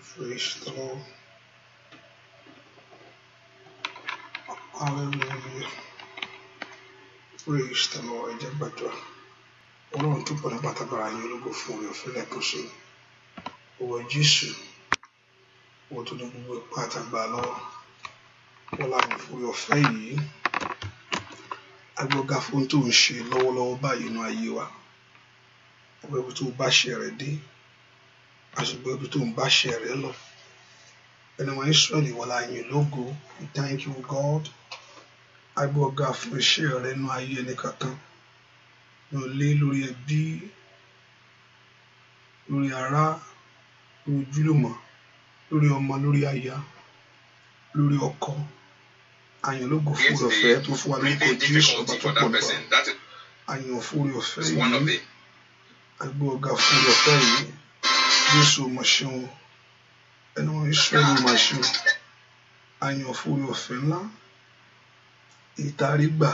free store hallelujah free store ẹ jẹ́ gbàdúrà ọlọ́run túbọ̀ ní pátábára yín ológo fún orí òfin lẹ́kọ̀ọ́sí ọwọ́ jésù owó tó ní gbogbo ipá àtàgbà lọ́wọ́ wọn làwọn fún orí ọ̀fẹ́ yìí agbọ́gá fún tó ń ṣe lọ́wọ́lọ́wọ́ báyìí nínú ayé wa o tó bá ṣe rẹ̀ dé àsìkò ibi tó ń bá ṣe rẹ lọ ẹni wọn Ísírẹ́lì wọlá yìn lógo we thank you God agbó ọgá fún iṣẹ́ rẹ nínú ayé ẹni kankan ní olé lórí ẹbí lórí ará lórí ojúlùmọ̀ lórí ọmọ lórí aya lórí ọkọ àyàn lógo fún ọ̀fẹ́ tó fún wa lórúkọ Jésù ọba tó pọ̀ lọ àyàn fún ọ̀fẹ́ yìí agbó fún ọ̀fẹ́ yìí jésù mo ṣeun ẹnu israẹli mà ṣeun àyànfò ọ̀fẹ́ ńlá ìtarí gbà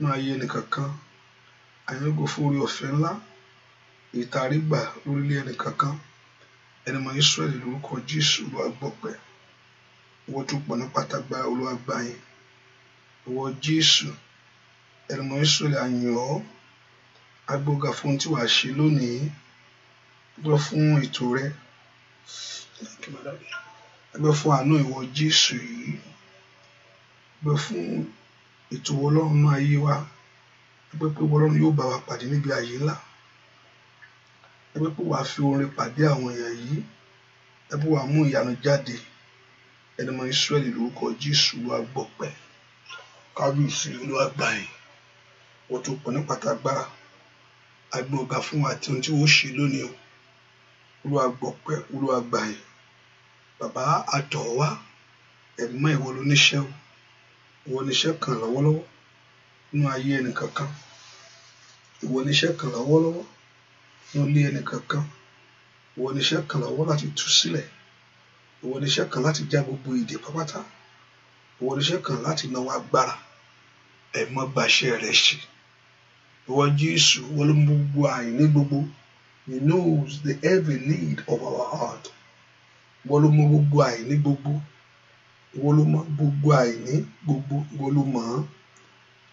náà ayé ẹnìkankan àyàngò fúri ọ̀fẹ́ ńlá ìtarí gbà lórílẹ̀ ẹnìkankan ẹnìmọ̀ israẹli lórúkọ jésù ló agbọ́pẹ́ ìwọ tó pọ̀ ní pátágbá olúwa gbà yín ìwọ jésù ẹnìmọ̀ israẹli àyàn ọ́ agbóga fún tí wàá ṣe lónìí gbọ́ fún ètò rẹ gbọ́ fún àánú ìwọ Jésù yìí gbọ́ fún ètò Ọlọ́run náà ayé wa gbọ́ pé Ọlọ́run yóò bá wa pàdé níbi àyè ńlá gbọ́ pé wàá fi orin pàdé àwọn èèyàn yìí gbọ́ wàá mú ìyanu jáde ẹnumọ Ísírẹ́lì lórúkọ Jésù wa gbọpẹ́ kábíyèsí Olúwa gbà yìí wọ́n tó pọ̀ ní pàtàgbára agbóga fún wa àti ohun tí wọ́n ṣe lónìí o olúwa gbọpẹ́ olúwa gbàyìn bàbá àtọ̀ wá ẹ̀gbọ́n ìwọ ló níṣẹ́ o ìwọ níṣẹ́ kan lọ́wọ́lọ́wọ́ nínú ayé ẹnìkankan ìwọ níṣẹ́ kan lọ́wọ́lọ́wọ́ nínú ilé ẹnìkankan ìwọ níṣẹ́ kan lọ́wọ́ láti tú sílẹ̀ ìwọ níṣẹ́ kan láti já gbogbo ìdè pápátá ìwọ níṣẹ́ kan láti náwó agbára ẹ̀mọ́ gbàṣẹ́ rẹ̀ ṣe ìwọ Jésù wọ́n gbogbo àìní gbogbo. He knows the every need of our heart. Ìwọ ló mọ gbogbo àìní gbogbo. Ìwọ ló mọ gbogbo àìní gbogbo. Ìwọ ló mọ̀ ọ́n.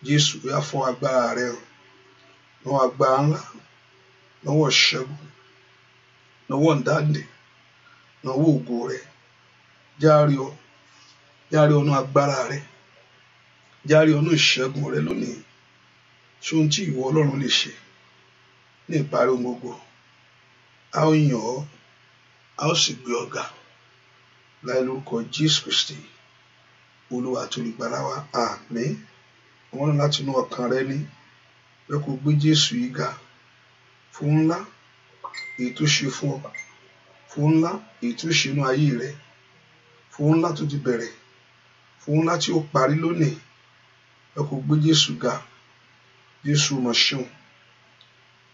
Jésù yá fọ agbára rẹ hàn. Lọ́wọ́ agbára ńlá. Lọ́wọ́ ṣẹ́gun. Lọ́wọ́ ǹdáǹdè. Lọ́wọ́ ògo rẹ. Járe ọ. Járe ọ̀nà agbára rẹ. Járe ọ̀nà ìṣẹ́gun rẹ lónìí. Ṣé ohun tí ìwọ Ọlọ́run lè ṣe ní ìparí ohun gbogbo? a ó yàn ọ́ a ó sì gbé ọ ga láì lórúkọ Jésù Kristi olúwa tó lè wa àmín wọn láti inú ọkàn rẹ ní pé kó gbé Jésù yìí ga fún ńlá èyí tó ṣe fún ọ fún ńlá èyí tó ṣe inú ayé rẹ fún ńlá tó ti bẹ̀rẹ̀ fún ńlá tí ó parí lónìí ẹ kò gbé Jésù ga Jésù mà ṣeun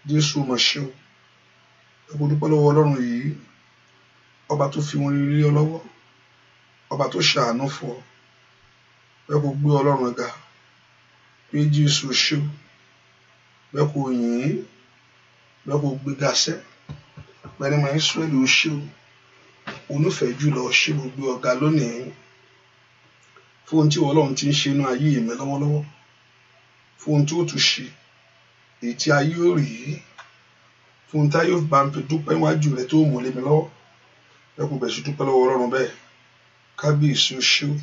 Jésù mà ṣeun mo dúpẹ́ lọ́wọ́ ọlọ́run yìí ọba tó fi wọn rí ọ lọ́wọ́ ọba tó ṣàánú fún ọ bẹ́ẹ̀ kó gbé ọlọ́run ga pé jésù ṣó bẹ́ẹ̀ kó yìn ín bẹ́ẹ̀ kó gbé gasẹ́ bẹ́ẹ̀ ni màá ìsúwẹ́lì ó onífẹ̀ẹ́ jùlọ ṣé mo ọ̀gá lónìí fún ohun tí ọlọ́run ti ń ṣe inú ayé mi lọ́wọ́lọ́wọ́ fún ohun tí ó tún ṣe èyí tí ayé ò rí yìí ohun tá yóò bá ń dúpẹ́ níwájú rẹ tó mú lé lọ́wọ́ lẹ́kùn bẹ̀ sí dúpẹ́ lọ́wọ́ ọlọ́run bẹ́ẹ̀ kábíyèsí ó ṣe ó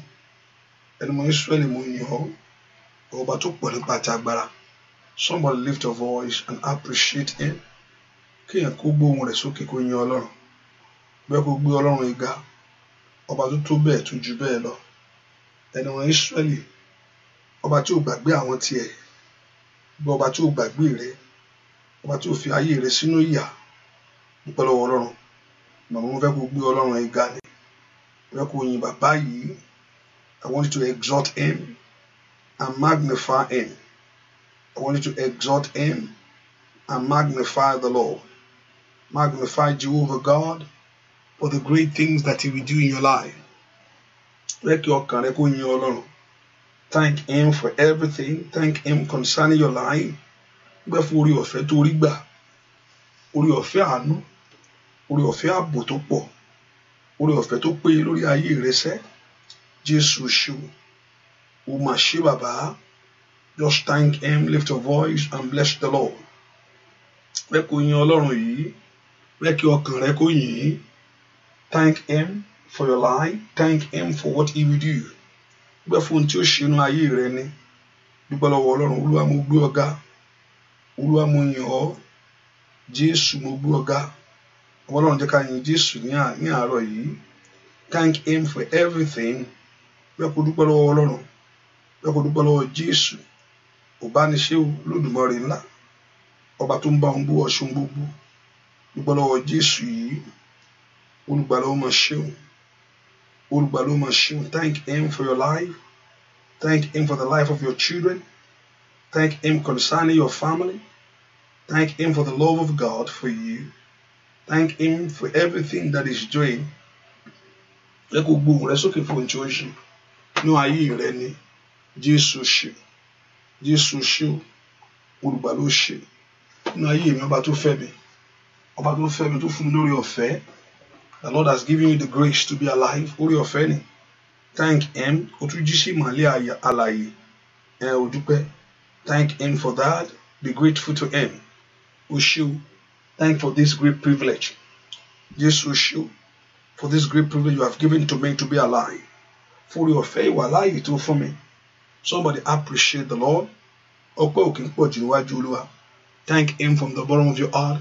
ẹni israẹli mo yàn ọ́ ọba tó pọ̀ nípa àti agbára somebody lift your voice and appreciate him kéèyàn kó gbóhùn rẹ̀ sókè kó yan ọlọ́run bẹ́ẹ̀ kó gbé ọlọ́run ìga ọba tó tó bẹ́ẹ̀ tó ju bẹ́ẹ̀ lọ ẹni israẹli ọba tí ò gbàgbé àwọn tiẹ̀ bí ọba tí ò gbàgbé rẹ̀ ọba tí ó fi ayé rẹ sínú ìyà dúpẹ́ ọlọ́run bàbá mo fẹ́ kó gbé ọlọ́run ẹ ga ni mo fẹ́ kó yin bàbá yìí I want you to exalt him and magnify him I want you to exalt him and magnify the Lord magnify Jehovah God for the great things that he will do in your life fẹ́ kí ọkàn rẹ kó yin ọlọ́run thank him for everything thank him concerning your life dúpẹ́ fún orí ọ̀fẹ́ tó rí gbà orí ọ̀fẹ́ àánú orí ọ̀fẹ́ ààbò tó pọ̀ orí ọ̀fẹ́ tó péye lórí ayé rẹ Jésù ṣe o mà ṣe bàbá just thank him lift your voice and bless the Lord rẹ kò yin Ọlọ́run yìí rẹ kí ọkàn rẹ kò yìn ín thank him for your life thank him for what he will do dúpẹ́ fún ohun tí ó ṣe inú ayé rẹ ni dúpẹ́ lọ́wọ́ Ọlọ́run Olúwa mo gbé ọ̀gá olúwa mo yìn ọ́ jésù mo gbé ọ ga ọlọ́run jẹ́ ká yin jésù ní àárọ̀ yìí thank him for everything bẹ́ẹ̀ kó dúpẹ́ lọ́wọ́ ọlọ́run bẹ́ẹ̀ kó dúpẹ́ lọ́wọ́ jésù ọ̀bániṣẹ́ olódùmarè ńlá ọba tó ń bá ohun bó ọṣun gbogbo dúpẹ́ lọ́wọ́ jésù yìí olùgbàlọ́ mọ̀ ṣeun olùgbàlọ́ mọ̀ ṣeun thank him for your life thank him for the life of your children thank him concerning your family. Thank Him for the love of God for you. Thank Him for everything that He's doing. Ẹ kò gbóhùn rẹ sókè fún oúnjẹ oṣù ní ayé rẹ ni Jésù ṣe Jésù ṣe olùgbà ló ṣe ní ayé mi ọba tó fẹ́ mi ọba tó fẹ́ mi tó fún mi lórí ọ̀fẹ́ The Lord has given you the grace to be alive orí ọ̀fẹ́ ni thank Him o tún jí sí ìmọ̀lẹ́ àlàyé ẹ ò dúpẹ́ thank Him for that be grateful to Him. O Shio, thank for this great privilege. Yes, O for this great privilege you have given to me to be alive. For your faith will allow you to for me. Somebody appreciate the Lord. Thank Him from the bottom of your heart.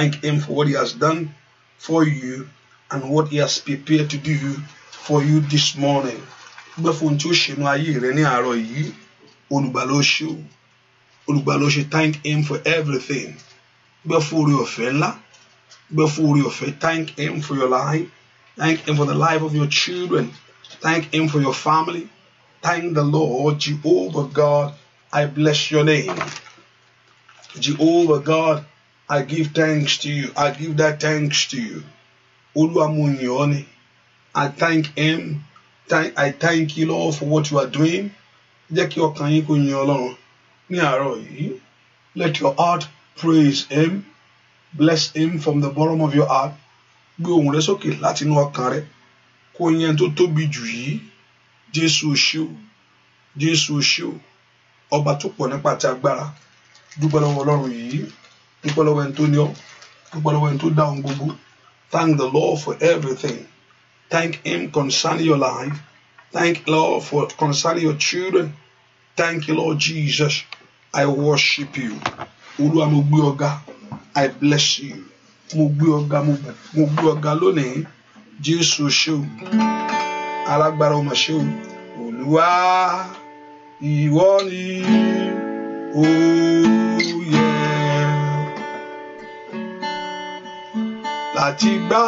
Thank Him for what He has done for you and what He has prepared to do for you this morning. gbẹ́fọ́ ohun tí ó ṣe inú ayé rẹ ní àárọ̀ yìí olùgbàlóṣe olùgbà ló ṣe thank him for everything gbẹ your orí ọ̀fẹ́ ńlá gbẹ ọ̀fẹ́ thank him for your life thank him for the life of your children thank him for your family thank the lord jehovah god i bless your name jehovah god i give thanks to you i give that thanks to you olúwa i thank him thank, i thank you lord for what you are doing jẹ́ kí ọkàn yín kó yìn Ọlọ́run. ní àárọ̀ yìí let your heart praise him bless him from the bottom of your heart gbé ohùn rẹ sókè láti inú ọkàn rẹ kó yẹn tó tóbi jù yìí jésù ṣé o jésù ṣé o ọba tó pọ̀ nípa ti agbára dúpẹ́ lọ́wọ́ ọlọ́run yìí dúpẹ́ lọ́wọ́ ẹni tó ní ọ dúpẹ́ lọ́wọ́ ẹni tó dá ohun gbogbo thank the lord for everything thank him concerning your life thank lord for concerning your children. Thank you, Lord Jesus. I worship you. Olúwa mo gbé ọ̀gá. I bless you. Mo gbé ọ̀gá mo gbé ọ̀gá lónìí. Jésù ṣe o. Alágbára ọmọ ṣe o. Olúwa ìwọ ni ó Láti gbá.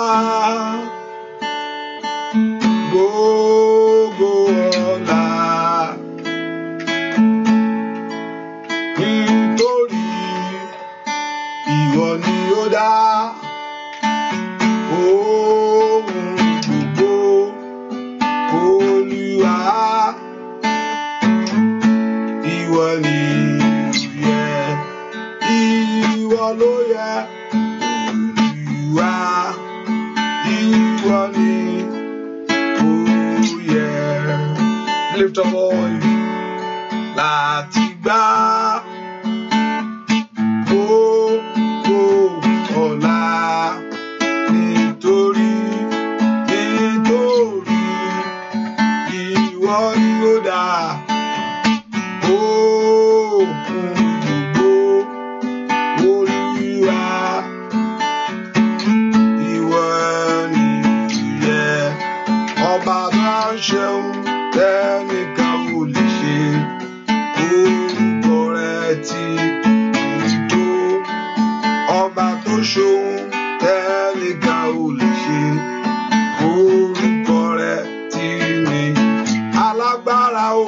alágbára o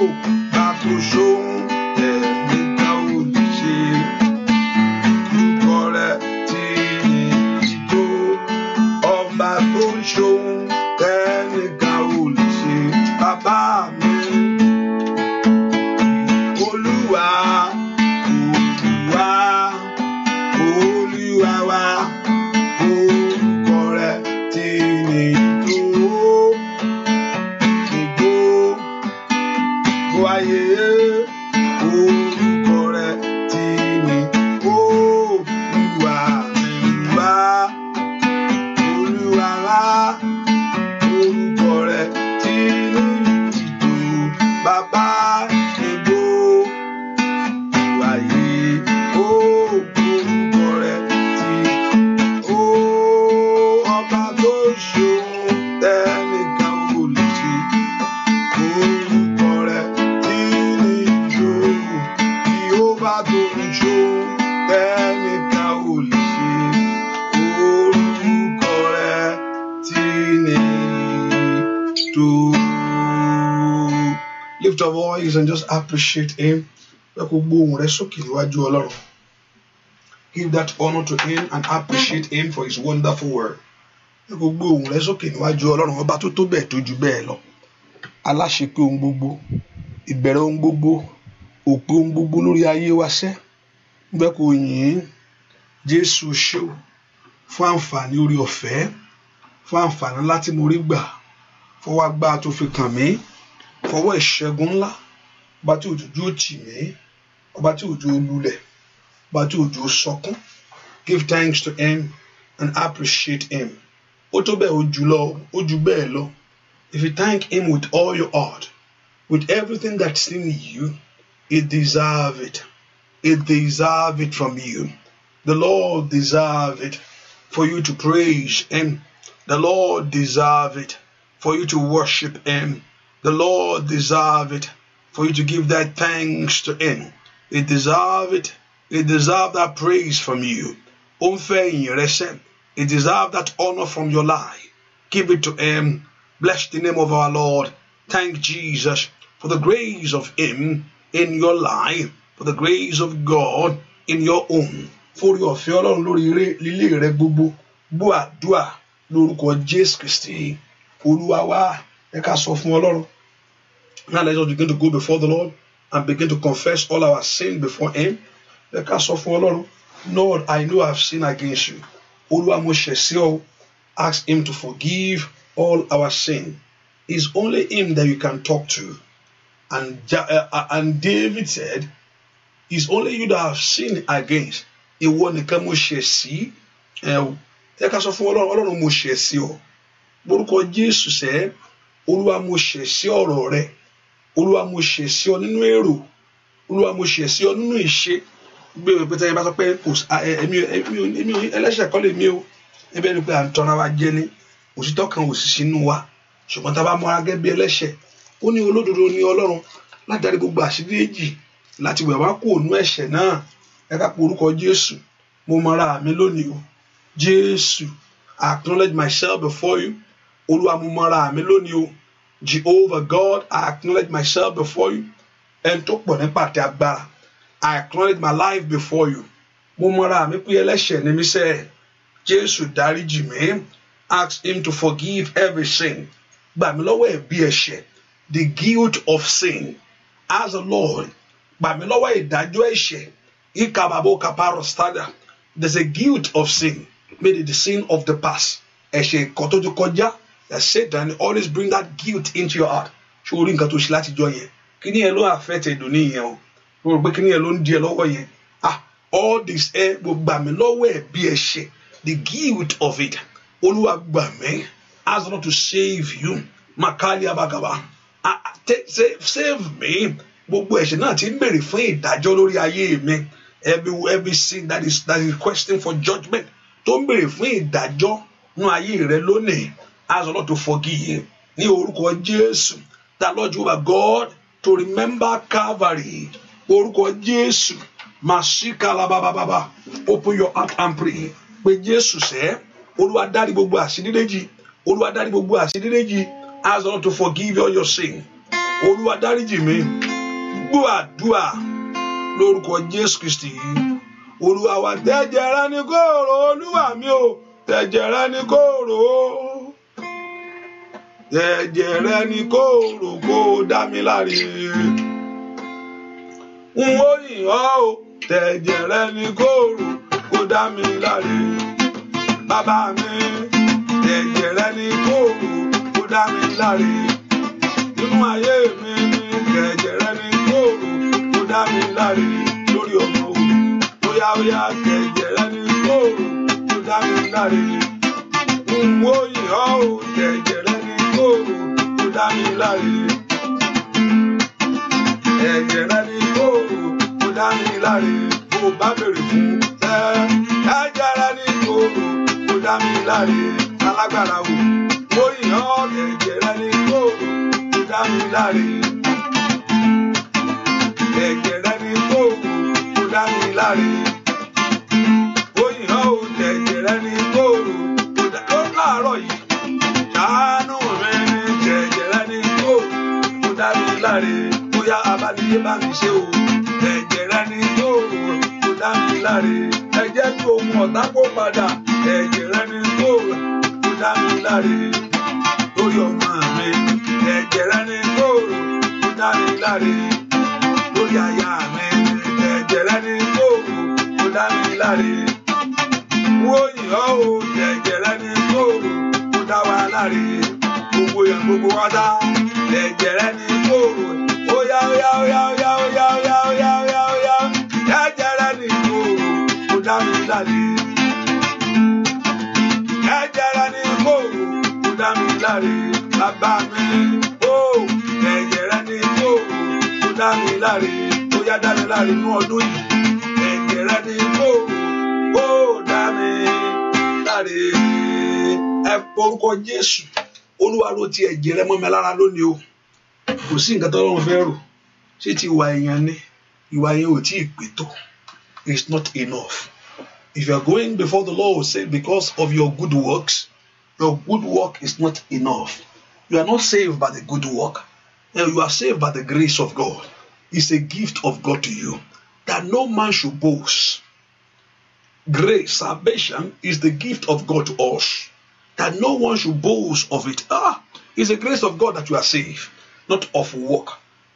gbàkóso wọn. appreciate him fẹ́ kó gbó ohùn rẹ sókè níwájú ọlọ́run give that honour to him and appreciate him for his wonderful work. fẹ́ kó gbó ohùn rẹ sókè níwájú ọlọ́run ọba tó tó bẹ́ẹ̀ tó ju bẹ́ẹ̀ lọ aláṣepé ohun gbogbo ìbẹ̀rẹ̀ ohun gbogbo òpin ohun gbogbo lórí ayé wa sẹ́ fẹ́ kó yìn jésù ṣéwò fún àǹfààní orí ọ̀fẹ́ fún àǹfààní láti mo gbà fọwọ́ agbára tó fi kàn mí fọwọ́ ìṣẹ́gun ńlá ọba tí òjò dúró tì ọba tí òjò lulẹ̀ ọba tí òjò sọkún give thanks to him and appreciate him ó tó bẹ́ẹ̀ ó lọ ó jù lọ if you thank him with all your heart with everything that's in you he deserve it he deserve it from you the Lord deserve it for you to praise him the Lord deserve it for you to worship him the Lord deserve it for you to give that thanks to Him. They deserve it. They deserve that praise from you. Unfailing, listen. They deserve that honor from your life. Give it to Him. Bless the name of our Lord. Thank Jesus for the grace of Him in your life, for the grace of God in your own. For your Ọlọ́run Lord. lílé rẹ gbogbo gbó àdúà lórúkọ Jésù Kristì Olúwa wa ẹ ká now let's begin to go before the Lord and begin to confess all our sin before Him. The ká sọ fún Ọlọ́run, Lord, I know I've sinned against you. Olúwa ask Him to forgive all our sin. It's only Him that you can talk to. And, uh, and David said, It's only you that have sinned against. Ìwọ nìkan mo ṣẹ̀ sí. Ẹ ká sọ fún Ọlọ́run, Ọlọ́run mo Olúwa mo ṣẹ̀ sí ọ̀rọ̀ rẹ̀. olúwa mo ṣẹ̀ sí ọ nínú èrò olúwa mo ṣẹ̀ sí ọ nínú ìṣe gbé ìwé pété bá sọ pé èmi ẹlẹ́ṣẹ̀ kọ́ lè mí o ẹbí ẹni pé à ń tọ́ra wa jẹ ni òtítọ́ kan ò sì sínú wa ṣùgbọ́n tá a bá mọ ara gẹ́gẹ́ bí ẹlẹ́ṣẹ̀ ó ní olódodo ní ọlọ́run láti gbogbo àṣírí láti wẹ̀ wá kúrò nú ẹ̀ṣẹ̀ náà ẹ ká pe orúkọ jésù mo mọ mi lónìí o jésù I acknowledge myself before you olúwa mo mọ mi lónìí o Jehovah God, I acknowledge myself before you. Ẹni tó pọ̀ nípa àti agbára. I acknowledge my life before you. Mo mọra mi pé ẹlẹ́ṣẹ̀ ni mi sẹ́. Jésù dáríjì mi. Ask him to forgive every sin. Gbà mí lọ́wọ́ ẹ̀bi ẹ̀ṣẹ̀. The guilt of sin. as a Lord. Gbà mí lọ́wọ́ ìdájọ́ ẹ̀ṣẹ̀. Ikababo kaparo stada. There's a guilt of sin. Maybe the sin of the past. Ẹ̀ṣẹ̀ ìkọ́ tó ti kọjá that Satan always bring that guilt into your heart ṣé orí nǹkan tó ṣe láti jọ yẹn kí ni yẹn ló affect ìdùnnú yẹn o mo rò pé kí ni yẹn ló ń di ẹ lọ́wọ́ yẹn ah all this ẹ mo gbà mí lọ́wọ́ ẹ bí ẹ ṣe the guilt of it olúwa gbà mí ask God to save you makali abagaba ah save, save me gbogbo ẹ̀ṣẹ̀ náà ti ń béèrè fún ìdájọ́ lórí ayé mi every every sin that is that is question for judgment. tó ń béèrè fún ìdájọ́ nínú ayé rẹ lónìí Ask Lord to forgive. Ní orúkọ Jésù, that Lord Jehovah God to remember Calvary. Orúkọ Jésù, Màṣíkà labababa, open your heart and pray. Pé Jésù sẹ́, Olúwa dárí gbogbo àṣírídéjì, Olúwa dárí gbogbo àṣírídéjì, ask Lord to forgive all your sin. Olúwa dáríjì mi, gbọ́ àdúrà lórúkọ Jésù Kristì yìí. Olúwa wa tẹ̀jẹ̀rẹ́ ni kò rò Olúwa mi o, tẹ̀jẹ̀rẹ́ ni kò rò ẹ̀jẹ̀ rẹ ni kó rò kó dá mi láre n ó yìn ọ́ o tẹ̀jẹ̀ rẹ ni kó rò kó dá mi láre bàbá mi tẹ̀jẹ̀ rẹ ni kó rò kó dá mi láre nínú ayé mi ni tẹ̀jẹ̀ rẹ ni kó rò kó dá mi láre lórí ọmọ o bóyá bóyá tẹ̀jẹ̀ rẹ ni kó rò kó dá mi láre n ó yìn o tẹ̀jẹ̀ rẹ àánú òòrùn tó dá mi láre. Ẹ̀jẹ̀ rẹ ni òòrùn tó dá mi láre. Mo bá bèrè fún ẹ. Ẹ̀jẹ̀ rẹ ni òòrùn tó dá mi láre. Alágbára wò. Mo yàn ọ́ ẹ̀jẹ̀ rẹ ni òòrùn tó dá mi láre. Ẹ̀jẹ̀ rẹ ni òòrùn tó dá mi láre. ayé bá mi ṣe o ẹ̀jẹ̀ rẹ ni yóò rò kó dá mi láre ẹ jẹ́ kí ohun ọ̀tá kó padà ẹ̀jẹ̀ rẹ ni yóò rò kó dá mi láre lórí ọmọ mi ẹ̀jẹ̀ rẹ ni yóò rò kó dá mi láre lórí aya mi ẹ̀jẹ̀ rẹ ni yóò rò kó dá mi láre wo yìn o ẹ̀jẹ̀ rẹ ni yóò rò kó dá wa láre gbogbo yẹn gbogbo wa dá ẹ̀jẹ̀ rẹ ni yóò rò oya oya oya oya oya oya oya oya oya ẹjẹrẹ ni mo kò dá mi láre ẹjẹrẹ ni mo kò dá mi láre bàbá mi o ẹjẹrẹ ni mo kò dá mi láre oya dá mi láre nú ọdún yìí ẹjẹrẹ ni mo kò dá mi láre ẹ forúkọ Jésù Olúwa ló ti ẹ̀jẹ̀ rẹ̀ mọ́ mi lára lónìí o kò sí nǹkan tọ́lọ́run fẹ́ rò ṣé ti ìwà èèyàn ni ìwà yẹn ò tí ì pé tó it's not enough if you are going before the Lord will say because of your good works your good work is not enough you are not saved by the good work you are saved by the grace of God it's a gift of God to you that no man should boast grace salvation is the gift of God to us that no one should boast of it ah it's the grace of God that you are saved not of work.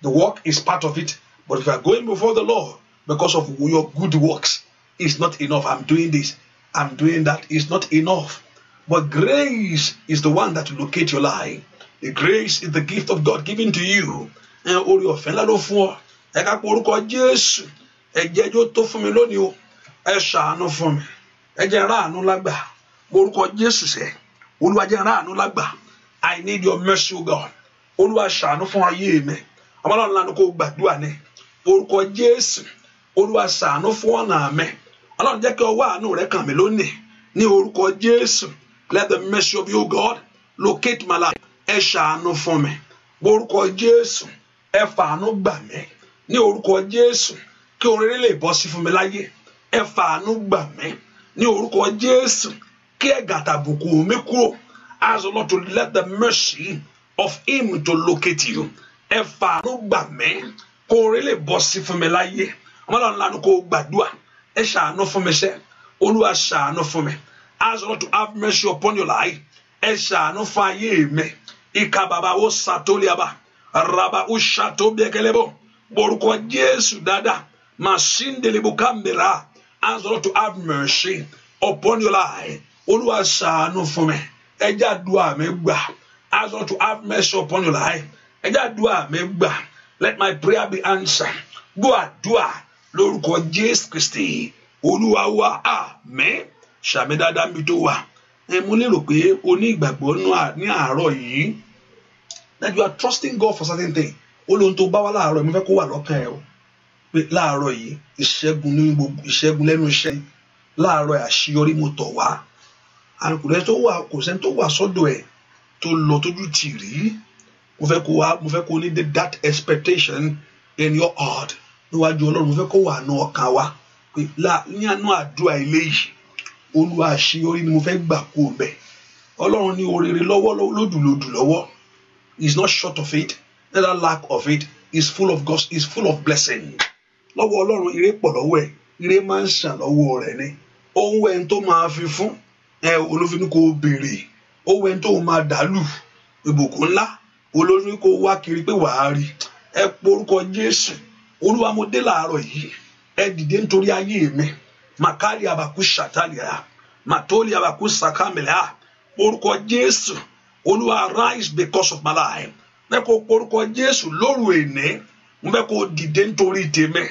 The work is part of it, but if you are going before the Lord because of your good works, it's not enough. I'm doing this, I'm doing that, it's not enough. But grace is the one that locates your life. The grace is the gift of God given to you. And ọ̀fẹ́ ńlá ló fún ọ. Ẹ ká pé orúkọ Jésù. Ẹ̀jẹ̀ yóò tó fún mi lónìí o. Ẹ ṣàánú fún mi. Ẹ jẹ́ ráàánú lágbà. Orúkọ Jésù sẹ́. I need your mercy, God. olúwa ṣàánú fún ayé mi ọmọ ọlọ́run lánàá kó gbàdúrà ní orúkọ jésù olúwa ṣàánú fún ọ̀nà mi ọlọ́run jẹ́ kí ọwọ́ àánú rẹ kàn mí lónìí ní orúkọ jésù let the mercy of you God locate my life ẹ ṣàánú fún mi orúkọ jésù ẹ fàánú gbà mí ní orúkọ jésù kí oríire lè bọ́ sí fún mi láyé ẹ fàánú gbà mí ní orúkọ jésù kí ẹ̀gà tàbùkù mi kúrò as a Lord to let the mercy of him to locate you ẹ fàánú gbà mí kó orí lè bọ́ sí fún mi láyé ọmọlọ́run lánàá kó gbàdúrà ẹ ṣàánú fún mi sẹ́ olúwa ṣàánú fún mi ask God to have mercy upon your life ẹ ṣàánú fún ayé mi ìka bàbá ó ṣàtòlíaba raba ó ṣàtòbíẹkẹlẹbọ borúkọ jésù dáadáa màṣíndèlébù kàmbèrà ask God to have mercy upon your life olúwa ṣàánú fún mi ẹ jáde àmì gbà ask God to have mercy upon your life ẹjẹ́ àdúrà mi gbà let my prayer be answered gbọ́ dua, lórúkọ Jésù Kristi Olúwa wa àmín ṣàmì dáadáa mi tó wà ẹ mo lérò pé o ní ìgbàgbọ́ ní àárọ̀ yìí that you are trusting God for certain things ó lóhun tó bá wá láàárọ̀ mi fẹ́ kó wà lọ́kàn ẹ o pé láàárọ̀ yìí ìṣẹ́gun ní gbogbo ìṣẹ́gun lẹ́nu iṣẹ́ láàárọ̀ àṣeyọrí mo tọ̀ wá àrùn kò sẹ́ni tó wà sọ́dọ̀ ẹ̀ tó lọ tójú tì rí mo fẹ́ kó wá mo fẹ́ kó ní that expectation in your heart níwájú ọlọ́run mo fẹ́ kó wà ní ọkàn wa pé ní àánú àdúrà eléyìí olúwa àṣeyọrí ni mo fẹ́ gbà kó bẹ̀ ọlọ́run ní oríire lọ́wọ́ lódùlódù lọ́wọ́ is not short of it neither lack of it is full of God is full of blessing lọ́wọ́ ọlọ́run ire pọ̀ lọ́wọ́ ẹ̀ ire máa ń ṣàn lọ́wọ́ rẹ̀ ni ohun ẹ̀ tó máa fi fún ẹ olófin kò béèrè ó wẹ́n tóun máa dàlù ìbùkún ńlá olórí kó wá kiri pé wàá rí ẹ porúkọ jésù olúwa mo dé làárọ̀ yìí ẹ dìde nítorí ayé mi màkàlì àbàkù ṣàtàlìyà màtólì àbàkù sàkàmìlà porúkọ jésù olúwa rise because of my life bẹ kó porúkọ jésù lóru èné bẹ kó dìde nítorí tèmi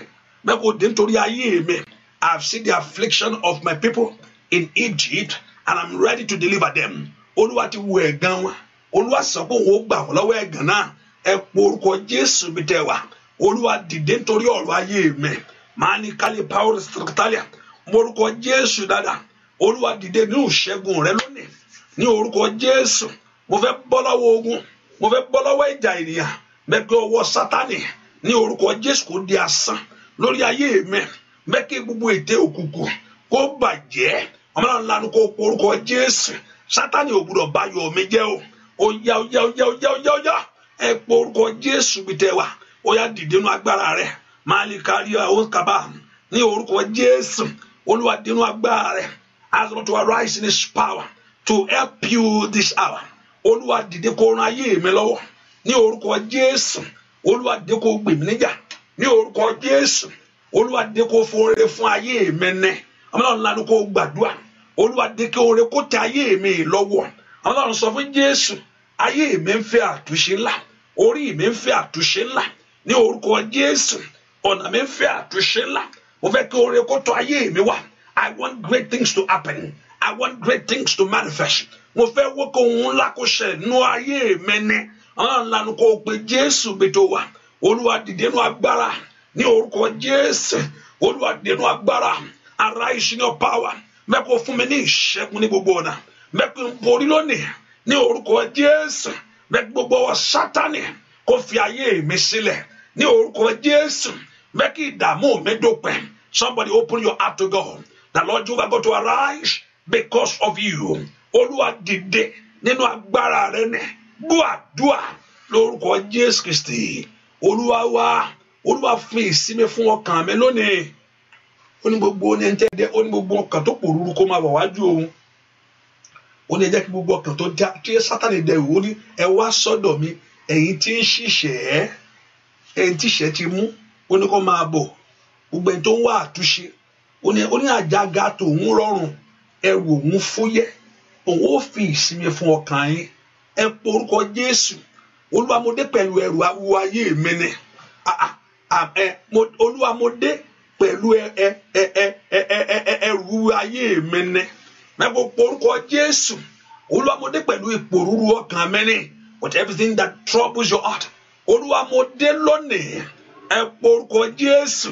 bẹ kó dìde nítorí ayé mi i have seen the affliction of my people in egypt and I am ready to deliver them. olúwa ti wo ẹ̀gàn wọn olúwa sọ pé òun ó gbà wọ́n lọ́wọ́ ẹ̀gàn náà ẹ po orúkọ jésù bí tẹ wà olúwa dìde nítorí ọ̀rọ̀ ayé mẹ́, màá ní kálí paul strictalia jésù dáadáa olúwa dìde ní ìṣẹ́gun rẹ lónìí ní orúkọ jésù mo fẹ́ bọ́ lọ́wọ́ ogun ìjà ènìyàn mẹ́kẹ́ ọwọ́ ni sátani ò gbúdọ̀ bá yọ̀ jẹ́ o ó yá ó yá ó yá ó yá ó yá ó yá ẹ pọ orúkọ jésù bìtẹ̀ wá ó yá dìde nú agbára rẹ máa lè kárí àwọn kaba ní orúkọ jésù olúwa dìde agbára rẹ as God to arise in his power to help you this hour olúwa dìde kó ran ayé mi lọ́wọ́ ní orúkọ jésù olúwa dìde kó gbè mí níjà ní orúkọ jésù olúwa dìde kó fún oore fún ayé mi ní ọmọláwọn ńlá ni kó gbàdúrà olúwa dèké oore kó tẹ ayé mi lọ́wọ́ ọlọ́run sọ fún jésù ayé mi ń fẹ́ àtúnṣe ńlá orí mi ń fẹ́ àtúnṣe ńlá ní orúkọ jésù ọ̀nà mi ń fẹ́ àtúnṣe ńlá mo fẹ́ kí oore kó tọ ayé mi wá i want great things to happen i want great things to manifest mo fẹ́ wó kó ohun ńlá kó ṣẹlẹ̀ nú ayé mi ní ọlọ́run lanu kó o pe jésù gbèdó wa olúwa dìde agbára ní orúkọ jésù olúwa dìde agbára arise in your power bẹ́ẹ̀ fún mi ní ìṣẹ́gun ní gbogbo ọ̀nà bẹ́ẹ̀ kó borí lónìí ní orúkọ Jésù bẹ́ẹ̀ gbogbo ọwọ́ Sátánì kó fi ayé mi sílẹ̀ ní orúkọ Jésù bẹ́ẹ̀ ìdààmú mi dópin somebody open your heart to God the Lord Jehovah God to arise because of you Olúwa dìde nínú agbára rẹ ní gbúàdúà lórúkọ Jésù Kristi Olúwa wá Olúwa fi ìsinmi fún ọkàn mi lónìí ó ní gbogbo ó ní ẹni tẹ́lẹ̀ ó ní gbogbo ọkàn tó pòrúurú kó máa bọ̀ wájú òun ó ní ẹ jẹ́ kí gbogbo ọkàn tó já tí sátani dẹrù ó ní ẹ wá sọ́dọ̀ mi ẹ̀yin tí ń ṣiṣẹ́ ẹ̀yin tí ìṣẹ́ ti mú ó ní kó máa bọ̀ gbogbo ẹni tó ń wá àtúnṣe ó ní àjàgà tòun rọrùn ẹrù òun fúyẹ́ òun ó fi ìsinmi fún ọkàn yín ẹ porúkọ Jésù olúwa mo dé pẹ̀lú ẹrù awúwo ayé mi ni ah, ah, ah, olúwa mo dé pẹ̀lú ẹrù ayé mi ni mẹ́fọ́ porúkọ Jésù Olúwa mo dé pẹ̀lú ìpòrúru ọkàn mi ni with everything that troubles your heart Olúwa mo dé lónìí ẹ porúkọ Jésù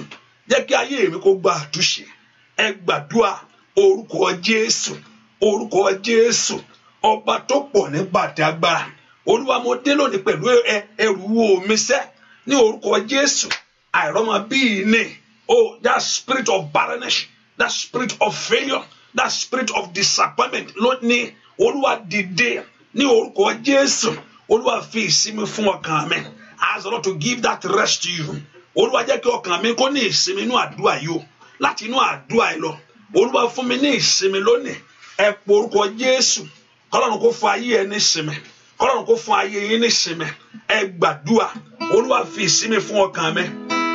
jẹ́ kí ayé mi kó gba àtúnṣe ẹ gbàdúrà orúkọ Jésù orúkọ Jésù ọba tó pọ̀ ní bàtà agbára Olúwa mo dé lónìí pẹ̀lú ẹrù omi sẹ́ ní orúkọ Jésù àìrọ́mọ bíi ní. Oh, that spirit of barrenness, that spirit of failure, that spirit of disappointment Lord, lónìí olúwa dìde ní orúkọ Jésù olúwa fi ìsinmi fun ọkàn mi ask the Lord to give that rest to you olúwa jẹ́ kí ọkàn mi kó ní ìsinmi inú àdúrà yìí o láti inú àdúrà yìí lọ olúwa fún mi ní ìsinmi lónìí ẹ pọ orúkọ Jésù kọ́lọ́run kó fún ayé ẹ ní ìsinmi kọ́lọ́run kó fún ayé yín ní ìsinmi ẹ gbàdúrà olúwa fi ìsinmi fún ọkàn mi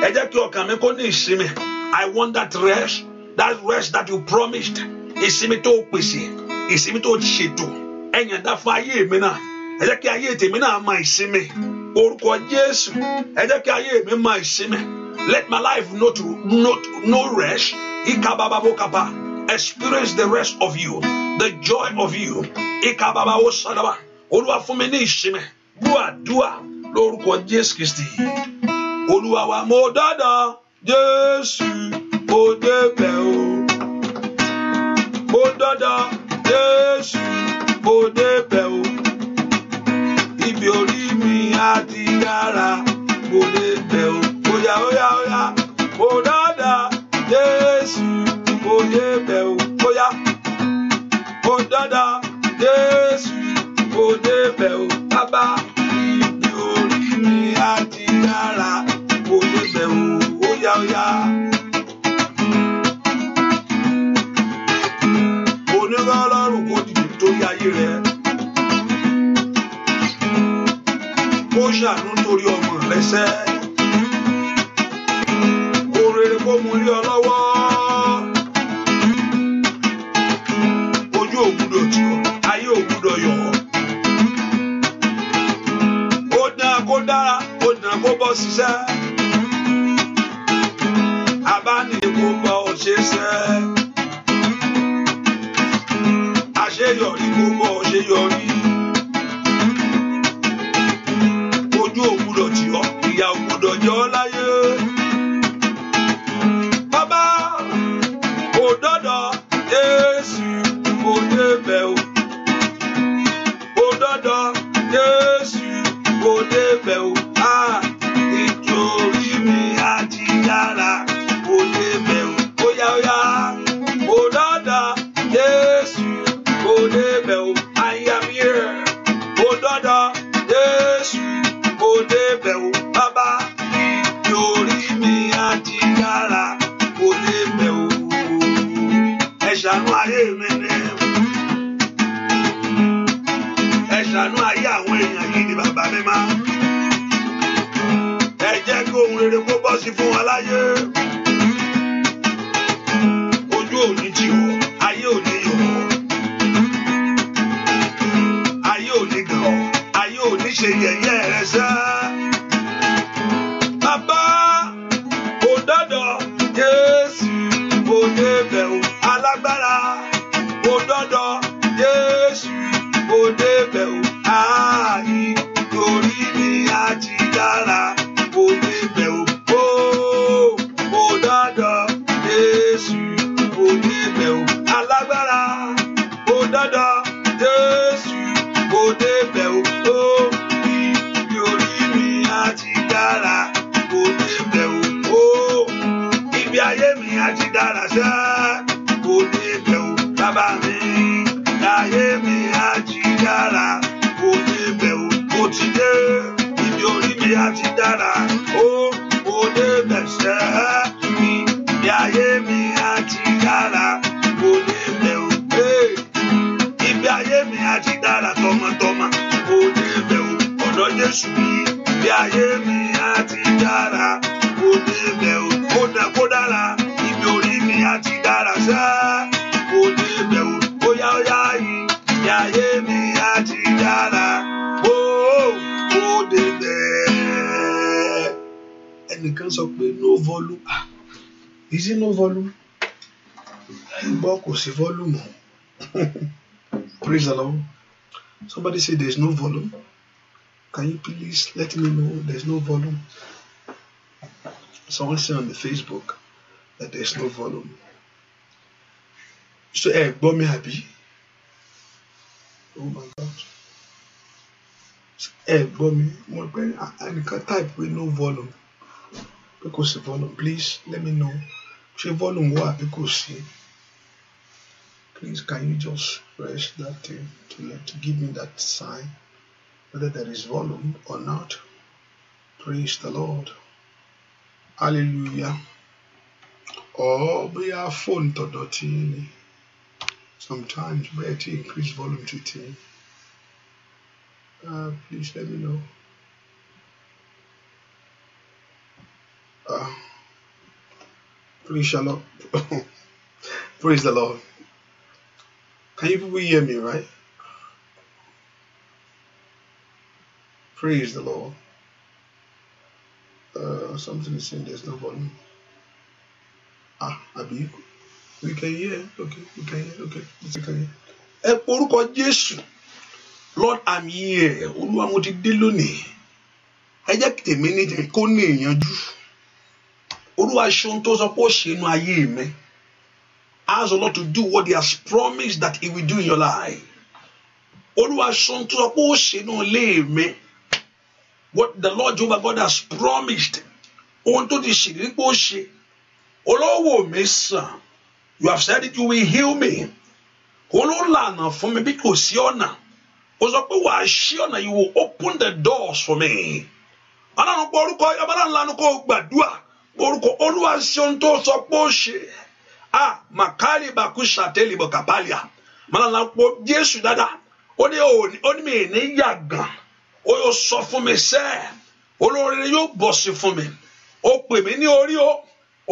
ẹ jẹ́ kí ọkàn mi kó ní ìsinmi I want that rest that rest that you promised ìsinmi tó pèsè ìsinmi tó ṣètò ẹ̀yàn dá fún ayé mi náà ẹ jẹ́ kí ayé tèmi náà máa ìsinmi orúkọ Jésù ẹ jẹ́ kí ayé mi máa ìsinmi let my life know to know no rest ikabababokaba experience the rest of you the joy of you ikabababo sadaba olúwa fún mi ní ìsinmi gbọ́ àdúrà lórúkọ Jésù Kristi olúwa wa mo dọ́dọ̀ jésù mo débẹ̀ o mo dọ́dọ̀ jésù mo débẹ̀ o ibi orí mi á ti dára mo débẹ̀ o óyá óyá Oya, mo dọ́dọ̀ jésù mo débẹ̀ o óyá mo dọ́dọ̀ jésù mo débẹ̀ o bàbá ibi orí mi á ti dára níbẹ̀ wò ó yá ó yá. onírọ́ ọlọ́run kò dìde torí ayé rẹ̀. kó ṣàánú torí ọmọ rẹ̀ sẹ́. kó rere kó mú rí ọ lọ́wọ́. ojú ògùdọ̀ tì ọ́ ayé ògùdọ̀ yọ̀ ó dáa kó dára ó dáa kó bọ́ ṣiṣẹ́. àṣeyọrí kò mọ̀ ṣe yọrí. someone said on the Facebook that there's no volume. So, hey, gbọ́ mi àbí? Oh my God. Ẹ me. mi, mo pẹ́ ẹnìkan type with no volume. Because kò volume, please let me know. Ṣé volume what because? Please can you just press that thing to let to give me that sign whether there is volume or not? Praise the Lord hallelujah or bóyá fóònù tọ̀dọ̀ tí ni sometimes bóyá to increase volume to ten uh, please let me know. Uh, praise the Lord. praise the Lord. Can you people hear me, right? Praise the Lord. oh, something is saying there's no volume. Ah, àbí we can hear, okay, we can hear, okay, we can hear. Ẹ orúkọ Jésù, Lord I'm here, Olúwa mo ti dé lónìí. Ẹ jẹ́ tèmi ní tèmi kó ní ìyanjú. Olúwa ṣe ohun tó sọ pé ó ṣe inú ayé mi. Ask the Lord to do what he has promised that he will do in your life. Olúwa ṣe ohun tó sọ pé ó ṣe inú ilé mi. What the Lord Jehovah God has promised ohun tó ti ṣèlérí pé ó ṣe olówó mi sàn you have said it you will heal me òun fún mi bí kò sí ọ̀nà o sọ pé wàá ṣí ọ̀nà open the doors for me ọlọ́run pé orúkọ ọmọláńlá lanu kó gbàdúrà orúkọ olúwa ṣe ohun tó sọ pé ó ṣe a makari bàkú ṣàtẹ́lì bọ̀ kàpálíà ọmọláńlá pọ̀ jésù dada ó ní ó ní mi ó yóò sọ fún mi sẹ́ẹ̀ yóò bọ̀ fún mi ó pè mí ní orí o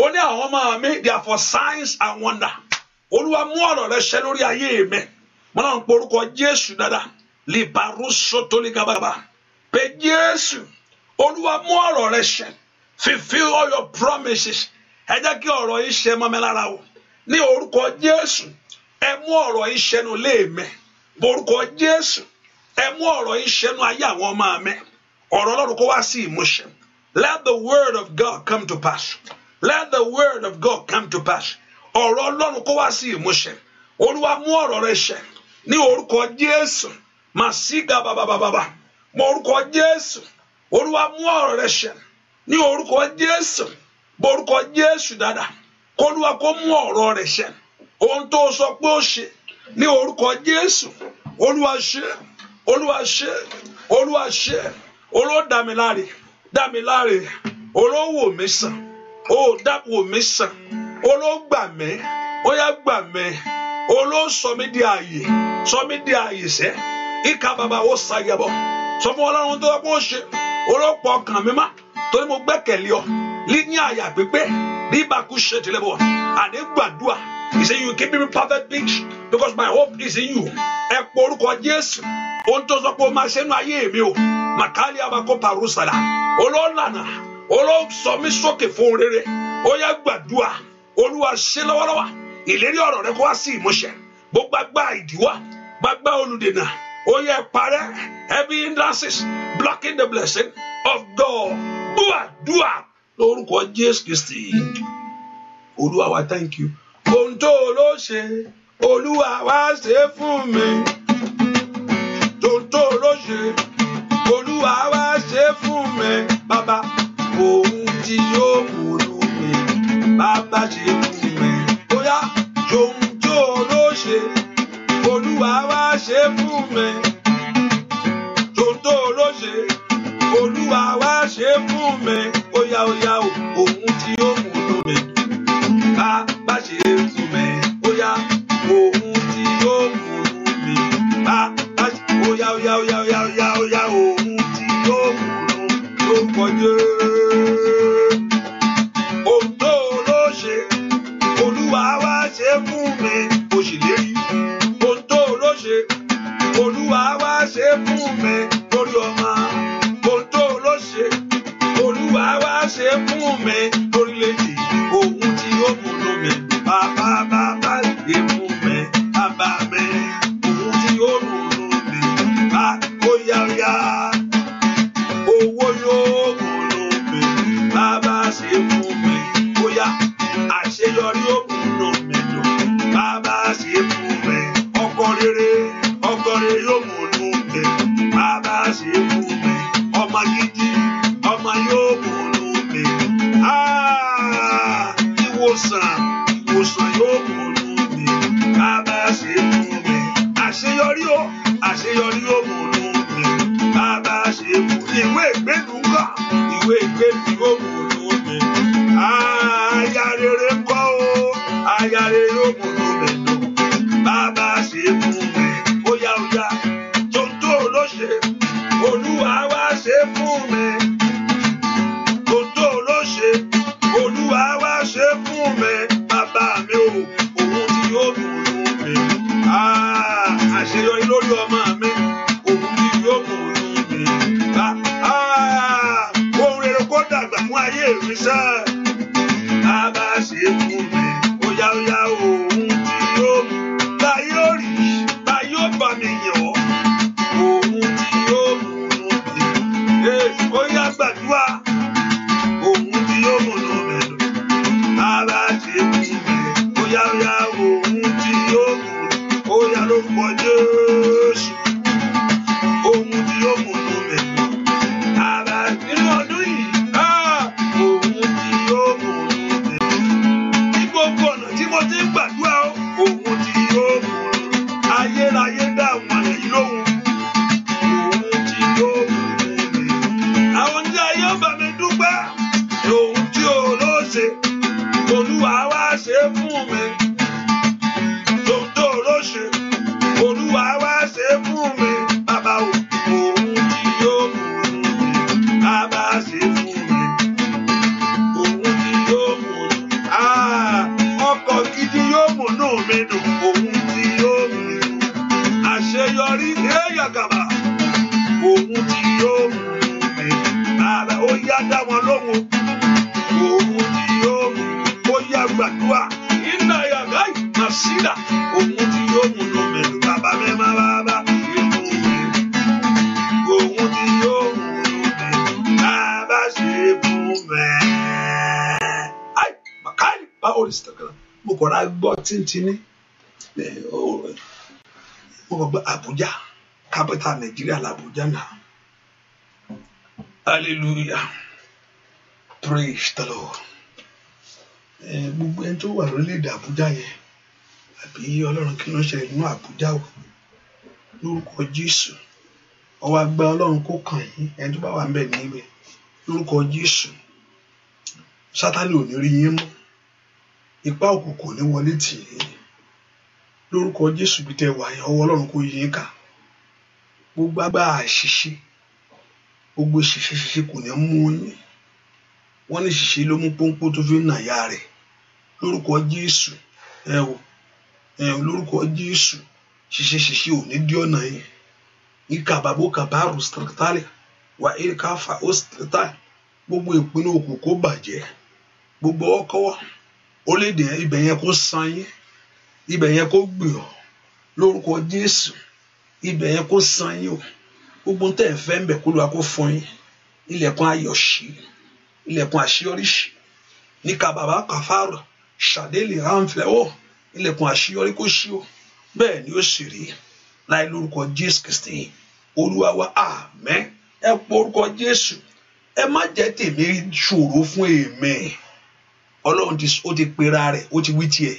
ó ní àwọn ọmọ mi they are for signs and wonder olúwa mú ọ̀rọ̀ rẹ ṣẹ lórí ayé mi wọn náà ń porúkọ jésù dáadáa libaru sotoli gabagaba pé jésù olúwa mú ọ̀rọ̀ rẹ ṣẹ fulfil all your promises ẹ jẹ́ kí ọ̀rọ̀ yìí ṣẹ mọ́ mi lára o ní orúkọ jésù ẹ mú ọ̀rọ̀ yìí ṣẹnu lé mi orúkọ jésù ẹ mú ọ̀rọ̀ yìí ṣẹnu ayé àwọn ọmọ mi ọ̀rọ̀ ọlọ́run kó wá sí ìmúṣẹ Let the word of God come to pass. Let the word of God come to pass. Ọ̀rọ̀ Ọlọ́run kó wá sí ìmúṣẹ. Olúwa mú ọ̀rọ̀ rẹ ṣẹ. Ní orúkọ Jésù, màá sí ga Mọ orúkọ Jésù. Olúwa mú ọ̀rọ̀ rẹ ṣẹ. Ní orúkọ Jésù. Bọ orúkọ Jésù dáadáa. Kólúwa kó mú ọ̀rọ̀ rẹ ṣẹ. Ohun tó sọ pé ó ṣe. Ní orúkọ Jésù. Olúwa ṣe. Olúwa ṣe. Olúwa ṣe. Olódàmíláre dá mi láre olówó mi sàn ó dáwò mi sàn olóògbà mi ó yá gbà mi olóòsọ mi di ààyè sọ mi di ààyè sẹ ìka bàbá ó ṣàyẹ̀bọ̀ sọ fún ọlọ́run tó wọ́pọ̀ ṣe olóòpọ̀ ọkàn mi má torí mo gbẹ́kẹ̀lé ọ ní àyà pípé ní ìbákú ṣe tìlẹ́bọ̀ àní gbàdúrà. He said, You keep me in perfect peace because my hope is in you. Ẹ pọ orúkọ Jésù. Ohun tó sọ pé o máa ṣe nínú ayé mi o. Màkàlí àbákọ́ Parusala. Olólànà. Olóòsọ mi sókè fún rere. Ó yá gbàdúrà. Olúwa ṣe lọ́wọ́lọ́wọ́. Ìlérí ọ̀rọ̀ rẹ kó wá sí ìmúṣẹ. Gbogbo agbá ìdíwọ́. Gbàgbá olùdènà. Ó yá parẹ́. Heavy hindrances blocking the blessing of God. Dúà dúà lórúkọ Jésù Kristì. Olúwa wa thank you ohun tó ló ṣe olúwa wá ṣe fún mi ohun tó ló ṣe olúwa wá ṣe fún mi bàbá ohun tí yóò múlò mi bàbá ṣe fún mi bóyá ohun tó ló ṣe olúwa wá ṣe fún mi ohun tó olúwa wá ṣe fún mi ó yá ó yá òun tí yóò múlò ṣe tù mẹ́ bóyá ohun tí yóò mú mi bá bá ṣe bóyá bóyá bóyá bóyá bóyá bóyá ohun tí yóò mú mi ló kọjá. Òǹdó ló ṣe olúwa wá ṣe fún mi mo sì lérí. Òǹdó ló ṣe ìwòsàn ìwòsàn yóò kò lù mí bàbá ṣe o, mi àṣeyọrí o àṣeyọrí o. wọ́n mọ̀ pé Abuja capital Nigeria làbújá náà hallelujah praise the Lord gbogbo ẹni tó wà lórílẹ̀‐èdè Abuja yẹn àbí Ọlọ́run kí ló ń ṣẹlẹ̀ nínú Abuja o lórúkọ Jésù ọwọ́ agbá Ọlọ́run kó kàn yín ẹni tó bá wà ń bẹ̀ níbẹ̀ lórúkọ Jésù Sátánì ò ní rí yín mú ipá òkùnkùn ní wọlé tì yín lórúkọ jésù bí tẹ wà yẹn ọwọ́ ọlọ́run kò yín ká gbogbo agbá àṣìṣe gbogbo ṣìṣe ṣìṣe kò ní mú yín wọ́n ní ṣìṣe ló mú pọ́npọ́n tó fi ń nà ya rẹ̀ lórúkọ jésù ẹ o ẹ o lórúkọ jésù ṣìṣe ṣìṣe ò ní dí ọ̀nà yín ìkàbàbò kàbàrù stratali wà ìkàfà ó stratali gbogbo ìpinnu òkùnkùn bàjẹ́ gbogbo ọkọ́ ó lè dẹ̀ ibẹ̀ yẹn kó san yín ibẹ̀ yẹn kó gbè ọ́ lórúkọ Jésù ibẹ̀ yẹn kó san yín o gbogbo tẹ́ ẹ̀ fẹ́ ń bẹ̀ kó lu akó fún yín ilẹ̀kùn ayọ̀ ṣí ilẹ̀kùn àṣeyọrí ṣí ní ká bàbá kàfàrọ̀ ṣàdélé ránfẹ́ ó ilẹ̀kùn àṣeyọrí kó ṣí o bẹ́ẹ̀ ni ó sì rí láì lórúkọ Jésù Kristi olúwa wa ẹ pọ orúkọ Jésù ẹ má jẹ́ tèmi ṣòro fún èmi ọlọ́run ti pera rẹ̀ ó ti wí tiẹ̀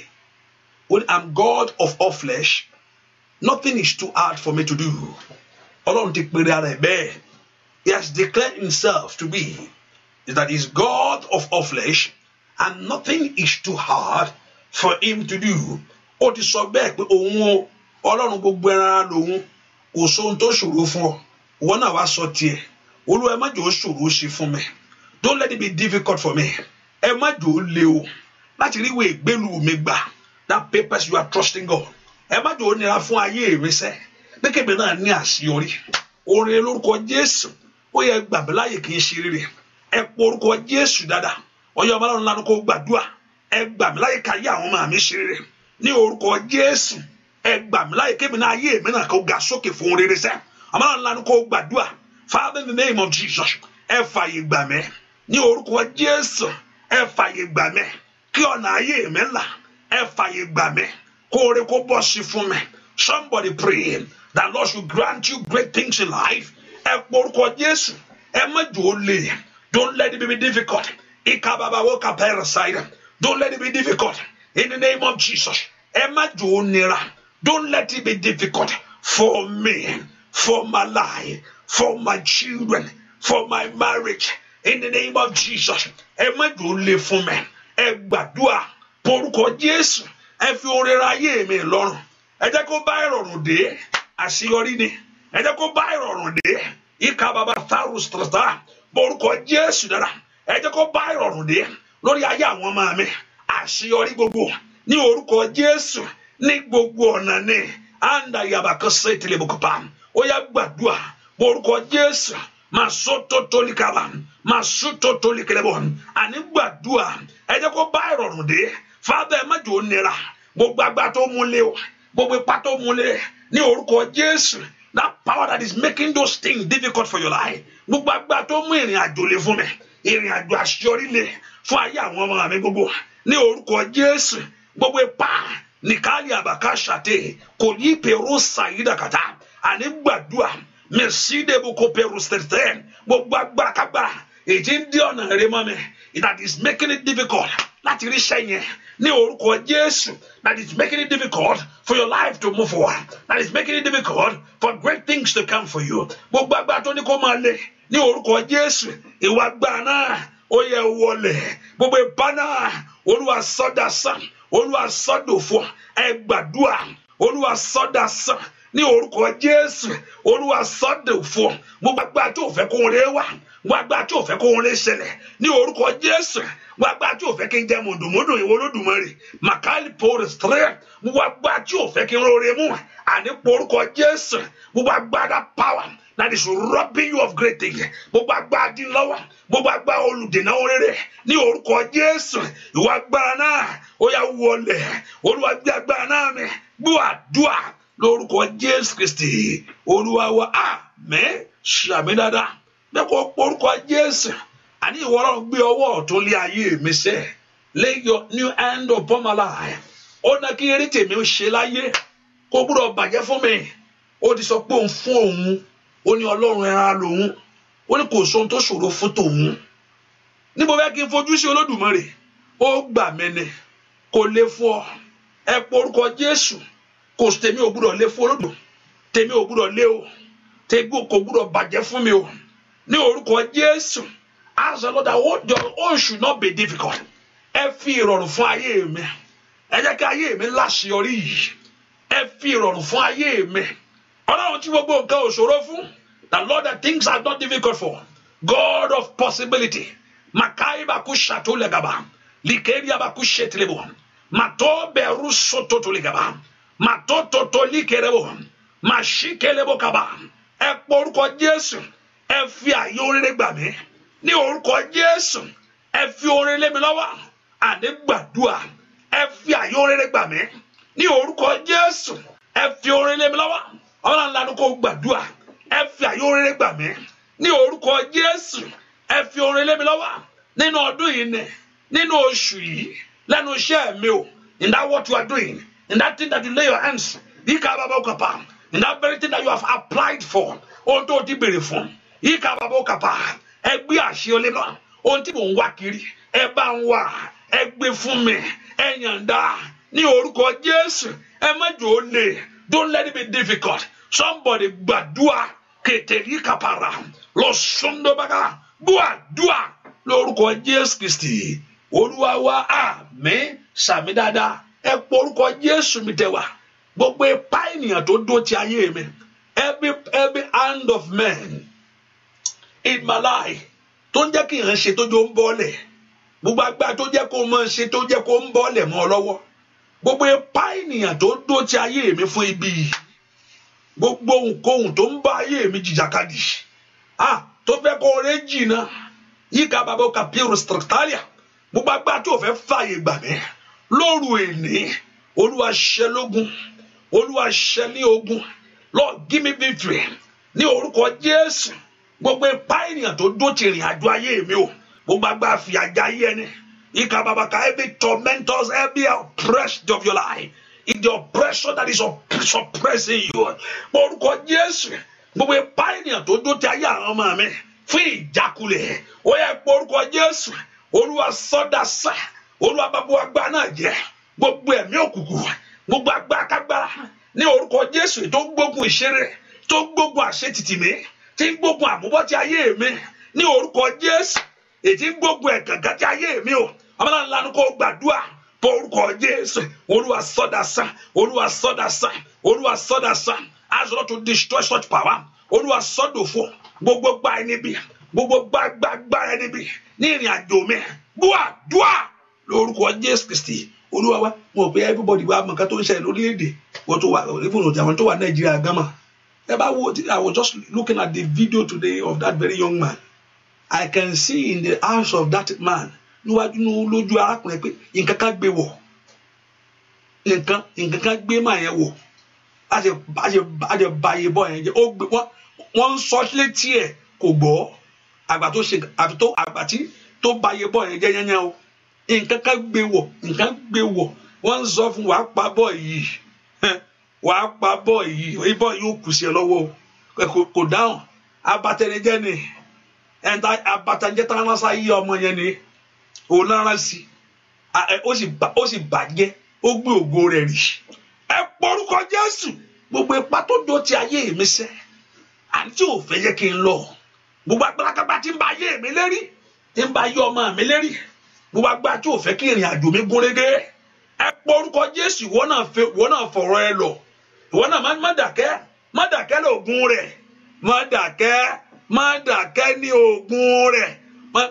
when I'm God of all flesh nothing is too hard for me to do ọlọ́run ti pèrè ara ẹ̀ he has declared himself to be that he is God of all flesh and nothing is too hard for him to do ó ti sọ bẹ́ẹ̀ pé òun ọlọ́run gbogbo ẹran lòun kò sóhun tó ṣòro fún ọ wọn náà wá sọ tiẹ̀ olúwa ẹ má jò ó ṣòro ṣe fún mi don't let it be difficult for me ẹ má jò ó le o láti rí ìwé mi gbà that purpose you are trusting God ẹ má jò ó nira fún ayé mi sẹ́ ní kébì náà ní àṣeyọrí orin lórúkọ Jésù ó yẹ gbàgbé láàyè kì í ṣe rere ẹ pọ orúkọ Jésù dáadáa ọyọ ọmọ Ọlọ́run lánàá kó gbàdúrà ẹ gbàgbé láàyè káyé àwọn ọmọ mi ṣe rere ní orúkọ Jésù ẹ gbàgbé láàyè kébì náà ayé mi náà kó ga sókè fún rere sẹ́ ọmọ Ọlọ́run lánàá kó gbàdúrà Father in the name of Jesus ẹ fààyè gbà mẹ́ ní orúkọ Jésù ẹ fààyè gbà kí ọ̀nà ayé mi là fàyè somebody pray that Lord should grant you great things in life lè don't let it be difficult ìka bàbá sáyẹ̀ don't let it be difficult in the name of Jesus ẹ don't let it be difficult for me for my life for my children for my marriage in the name of Jesus ẹ má jò porúkọ jésù ẹ fi oore ra ayé mi lọ́rùn ẹ jẹ́ kó bá ìrọ̀rùn dé àṣeyọrí ni ẹ jẹ́ kó bá ìrọ̀rùn dé ìka bàbá tharus tàrà porúkọ jésù dára ẹ jẹ́ kó bá ìrọ̀rùn dé lórí ayé àwọn ọmọ mi àṣeyọrí gbogbo ní orúkọ jésù ní gbogbo ọ̀nà ni anda yabakọ sẹ́tìlẹ̀ bùkúpa ó yá gbàdúrà porúkọ jésù máa sọ tó tó ní kaba máa sọ tó tó ní kẹlẹ́bọ̀ àní gbàdúrà ẹ jẹ́ kó bá ìrọ̀rùn dé father ẹ má jò ó nira gbogbo agbá tó mú lé o gbogbo ipá tó mú lé ní orúkọ jésù that power that is making those things difficult for your life gbogbo agbá tó mú ìrìn àjò lé fún mi ìrìn àjò àṣeyọrí lé fún ayé àwọn ọmọ mi gbogbo ní orúkọ jésù gbogbo ipá nìkálí àbàká ṣàtẹ kò ní pèrò ṣàyídàkàtà àní gbàdúrà mẹsídẹ̀bùkọ pèrò ṣẹ̀tẹ̀ gbogbo agbára kágbára èyí tí ń dí ọ̀nà rẹ mọ́ mi that is making it difficult láti rí iṣẹ́ yẹn ní orúkọ Jésù that is making it difficult for your life to move forward that is making it difficult for great things to come for you gbogbo agbára tó ní kó máa lé ní orúkọ Jésù ìwà agbára náà ó yẹ wọlé gbogbo ìbá náà Olúwa sọdá sàn Olúwa sọdòfò ẹ gbàdúrà Olúwa sọdá sàn ní orúkọ Jésù Olúwa sọdòfò gbogbo agbára tó fẹ́ kó rẹ wá gbogbo agbára tó fẹ́ kó rẹ ṣẹlẹ̀ ní orúkọ Jésù wá gbá tí ò fẹ́ kí n jẹ mòdòmódò ìwọ olódùmarè màkàlì pòrè strẹ wá gbá tí ò fẹ́ kí n rọrẹ mú àní porúkọ jésù gbogbo agbada power that is robbing you of great things gbogbo agbára dínlọ́wọ́ gbogbo agbára olùdènà oréré ní orúkọ jésù ìwọ agbára náà ó yá wọlé olúwa gbé agbára náà mi gbọ́ àdúrà lórúkọ jésù kristi olúwa wa àmín ṣàmì dáadáa bẹ́ẹ̀ kó porúkọ jésù àní ìwọ ọlọ́run gbé ọwọ́ ọ̀tún lé ayé mi sẹ́ lay your new hand upon my life ó ná kí eré tèmi ó ṣe láyé kó gbúdọ̀ bàjẹ́ fún mi ó ti sọ pé òun fún òun ó ní ọlọ́run ẹran lòun ó ní kò sóhun tó ṣòro fún tòun níbo fẹ́ kí n fojú sí olódùmarè ó gbà mí ni kò lè fún ọ ẹ pọ orúkọ jésù kò tèmi ò gbúdọ̀ lé fún olódùn tèmi ò gbúdọ̀ lé o tèmi kò gbúdọ̀ bàjẹ́ fún mi o ní orúkọ jésù ask the Lord that what your own should not be difficult ẹ fi ìrọ̀rùn fún ayé mi ẹ jẹ́ kí ayé mi láṣeyọrí yìí ẹ fi ìrọ̀rùn fún ayé mi ọlọ́run tí gbogbo nǹkan òṣòro fún the Lord that things are not difficult for God of possibility makai baku shato legaba likeri abaku shetrebo mato beru soto to legaba mato toto likerebo kaba ẹ porúkọ Jésù ẹ fi àyè oríire gbà mí ní orúkọ Jésù ẹ fi orin lé mi lọ́wọ́ àní gbàdúrà ẹ fi àyè orin rẹ gbà mí ní orúkọ Jésù ẹ fi orin lé mi lọ́wọ́ ọlọ́run lanu kò gbàdúrà ẹ fi àyè orin rẹ gbà mí ní orúkọ Jésù ẹ fi orin lé mi lọ́wọ́ nínú ọdún yìí nì nínú oṣù yìí lẹ́nu iṣẹ́ mi o in that what you are doing in that thing that you lay your hands yìí ká bàbá òkà pa in that very thing that you have applied for ohun tó ti béèrè fún yìí ká bàbá òkà pa ẹ gbé àṣeyọlé náà ohun tí mò ń wá kiri ẹ bá ń wá ẹ gbé fún mi ẹ yànda ní orúkọ Jésù ẹ má jò ó lè don't let it be difficult somebody gbàdúà kètèrí kàpàrà lọ sọ́ndọ́bàgà gbàdúà lórúkọ Jésù Kristi olúwa wa àmín sàmì dáadáa ẹ pọ orúkọ Jésù mi tẹ wá gbogbo ipá ènìyàn tó dó ti ayé mi every every hand of men in my life tó ń jẹ́ kí n ṣe tó jọ ń bọ́lẹ̀ gbogbo agbára tó jẹ́ kó mọ̀ ṣe tó jẹ́ kó ń bọ́lẹ̀ mọ́ ọ lọ́wọ́ gbogbo ipa ènìyàn tó ń dó ti ayé mi fún ibi gbogbo ohunkóhun tó ń bá ayé mi jìjàkadì ah tó fẹ́ kó rẹ́ jìnnà yíká bàbá ọkà pírò strictalia gbogbo agbára tí ò fẹ́ fààyè gbà mí lóru èní olúwa ṣẹ́ ogun Lord give me victory ní orúkọ Jésù gbogbo ipa ènìyàn tó dóòtì ìrìn àjò ayé mi o gbogbo agbára fìyà jẹ ayé ẹni ìka babaka every tormentors every oppressed of your life in the oppression that is suppressing you orúkọ Jésù gbogbo ipa ènìyàn tó dóòtì ayé àwọn ọmọ mi fún ìjákulẹ̀ ó yẹ orúkọ Jésù olúwa sọdásá olúwa bàbá agbára náà jẹ gbogbo ẹ̀mí òkùnkùn gbogbo agbára kágbára ní orúkọ Jésù tó gbógun ìṣeré tó gbógun àṣetìtìmí tí ń gbógun àmúbọ́ ti ayé mi ní orúkọ jésù ètí ń gbógun ẹ̀gàngá ti ayé mi o ọmọláńlá lanu kó gbàdúrà bọ orúkọ jésù olúwa sọdásán olúwa sọdásán olúwa sọdásán azọrọ to destroy such power olúwa sọdòfò gbogbo gbá ẹni bí gbogbo gbágbágbá ẹni bí ní ìrìn àjò mi búwa dúà lórúkọ jésù kristi olúwa wa mo pe everybody wa mọ nǹkan tó ń ṣẹlẹ̀ lórílẹ̀-èdè wọn tó wà ìfúnnù tí àwọn nàìjíríà gánmà Remember, I was just looking at the video today of that very young man. I can see in the eyes of that man níwájú lójú arákùnrin pé nǹkan kan gbé wọ̀ nǹkan nǹkan kan gbé màá yẹn wọ̀ a ṣe a ṣe a ṣe ba iye bọ́ yẹn jẹ́ ó gbé wọ́n wọ́n ń sọ létí ẹ̀ kò gbọ́ àgbà tó ṣe àti tó àgbà tí wàá pa bọ́ yìí bọ́ yìí ó kù sí ẹ lọ́wọ́ kò dáhùn abatẹnijẹ ni ẹnta abatẹnijẹ tán lásán yí ọmọ yẹn ni òun náírà sí ó sì bàjẹ́ ó gbé ògo rẹ̀ rì ẹ pọrúkọ Jésù gbogbo ipa tó do ti ayé mi sẹ́ àti òfin yẹ kí n lọ gbogbo agbárakaba tí ń ba ayé mi lérí tí ń ba ayé ọmọ mi lérí gbogbo agbára tí òfin kí ìrìn àjò mi gún régé ẹ pọrúkọ Jésù wọ́n náà fọ̀rọ̀ ẹ lọ ìwọ náà má dàkẹ́ má dàkẹ́ ní oògùn rẹ̀ má dàkẹ́ má dàkẹ́ ní oògùn rẹ̀